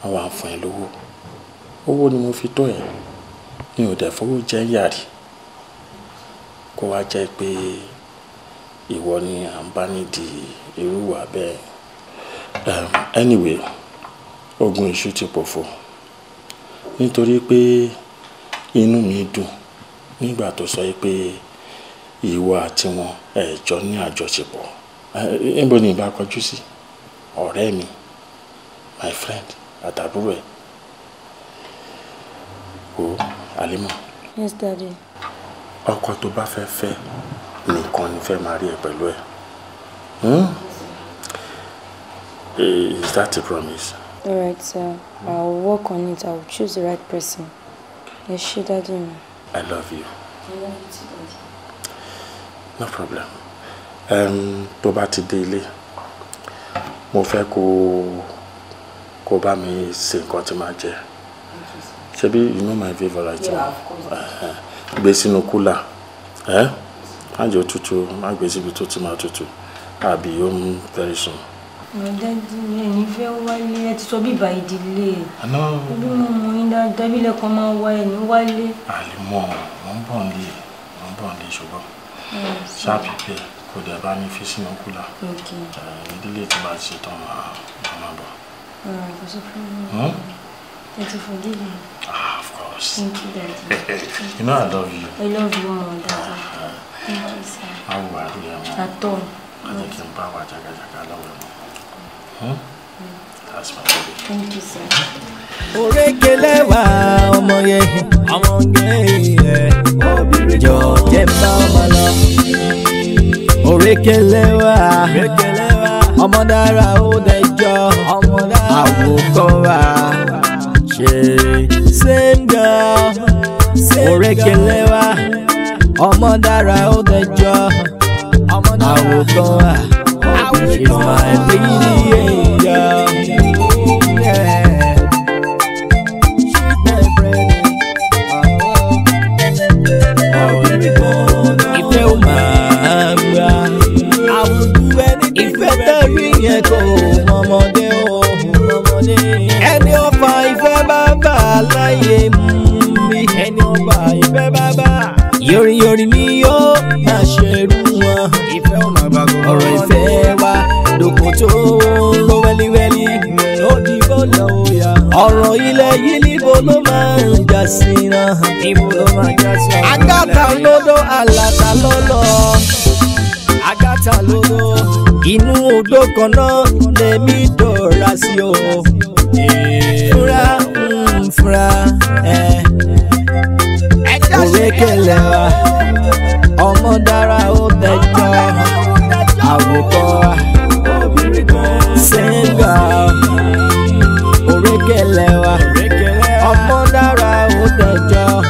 wọ́n wá ń fún ẹ lówó owó ni mo fi tó ẹ mi ò dẹ̀ fowó jẹ́ yàrí kó wá jẹ́ pé ìwọ ni à ń bá nídìí irú wa bẹ́ẹ̀ anyway ogun èṣù ti pòfo nítorí pé inú mi dùn nígbà tó sọ pé ìwọ àti wọn ẹ̀jọ ní àjọṣepọ̀ níbo ni ìbá kọjú sí ọ̀rẹ́ mi my friend àtàbúrò ẹ̀ o Halima. yes daddy. ọkọ tó bá fẹ́ fẹ́ nìkan ni fẹ́ máa rí ẹ pẹ̀lú ẹ. Hmm? is that a promise? All right, sir. Mm. I'll work on it. I'll choose the right person. Ẹ ṣé, Daddy. I love you. I love you too, No problem. Um, tó bá ti dé ilé, mo fẹ́ kó kó bá mi ṣe nǹkan tí máa jẹ. Ṣebí you know my favorite Yeah, of course. Gbé sínú kúlà. Ẹ́ má jẹ́ òtútù, má gbé síbi tó ti máa tutù. Àbí yóò very soon dádì mi ẹ̀ ní fẹ́ wálé ẹ ti sọ bíbá ìdílé àná bí mo mọ yín dáadáa bí lẹ́kọ̀ọ́ máa wá ẹ̀ ní wálé. àlè mọ mọ ń bọ̀ nílé mọ ń bọ̀ nílé ṣùgbọ́n ṣáàpì pé kò dẹ̀ bá mi fi sínú kúlà ìdílé tí bá ṣe tán máa bọ̀. kò sí fún mi. Thank you for giving. Ah, of course. Thank you, Daddy. you know I love you. I love you, Mom, Daddy. Uh, Thank you, sir. How are you, Mom? At all. I think I'm proud of you. That's my Thank you, sir. Orekele wa ọmọ ye, ọmọ ye, obìnrin jọ jẹ́ bá ọmọ lọ. Orekele wa, ọmọ dára ó dẹjọ́, àwòkọ́ wa, ṣe same girl. Orekele wa, ọmọ dára ó dẹjọ́, àwòkọ́ wa. She's my lady, yeah. yeah. She's my friend. Oh, if you mama, I will do anything. If you tell me, yeah, go, mama, de oh, mama, de. Any of my favorite, I like him. Any of my favorite, you're kòtò ló wẹ́líwẹ́lí ó di bọ́lá òyà. ọ̀rọ̀ ilẹ̀ yìí níbo ló máa ń já sí iná. níbo ló máa ń já sí iná. agáta lódò àlàtà lọ́lọ́ agáta lódò inú odò kan náà lèmi dọ̀ra sí o. fúra mm, fúra òwe kẹlẹ wa ọmọ dára ó tẹjọ àwòkọ sẹ́ńgà òrékèlè wa ọmọ dára ó dẹjọ́.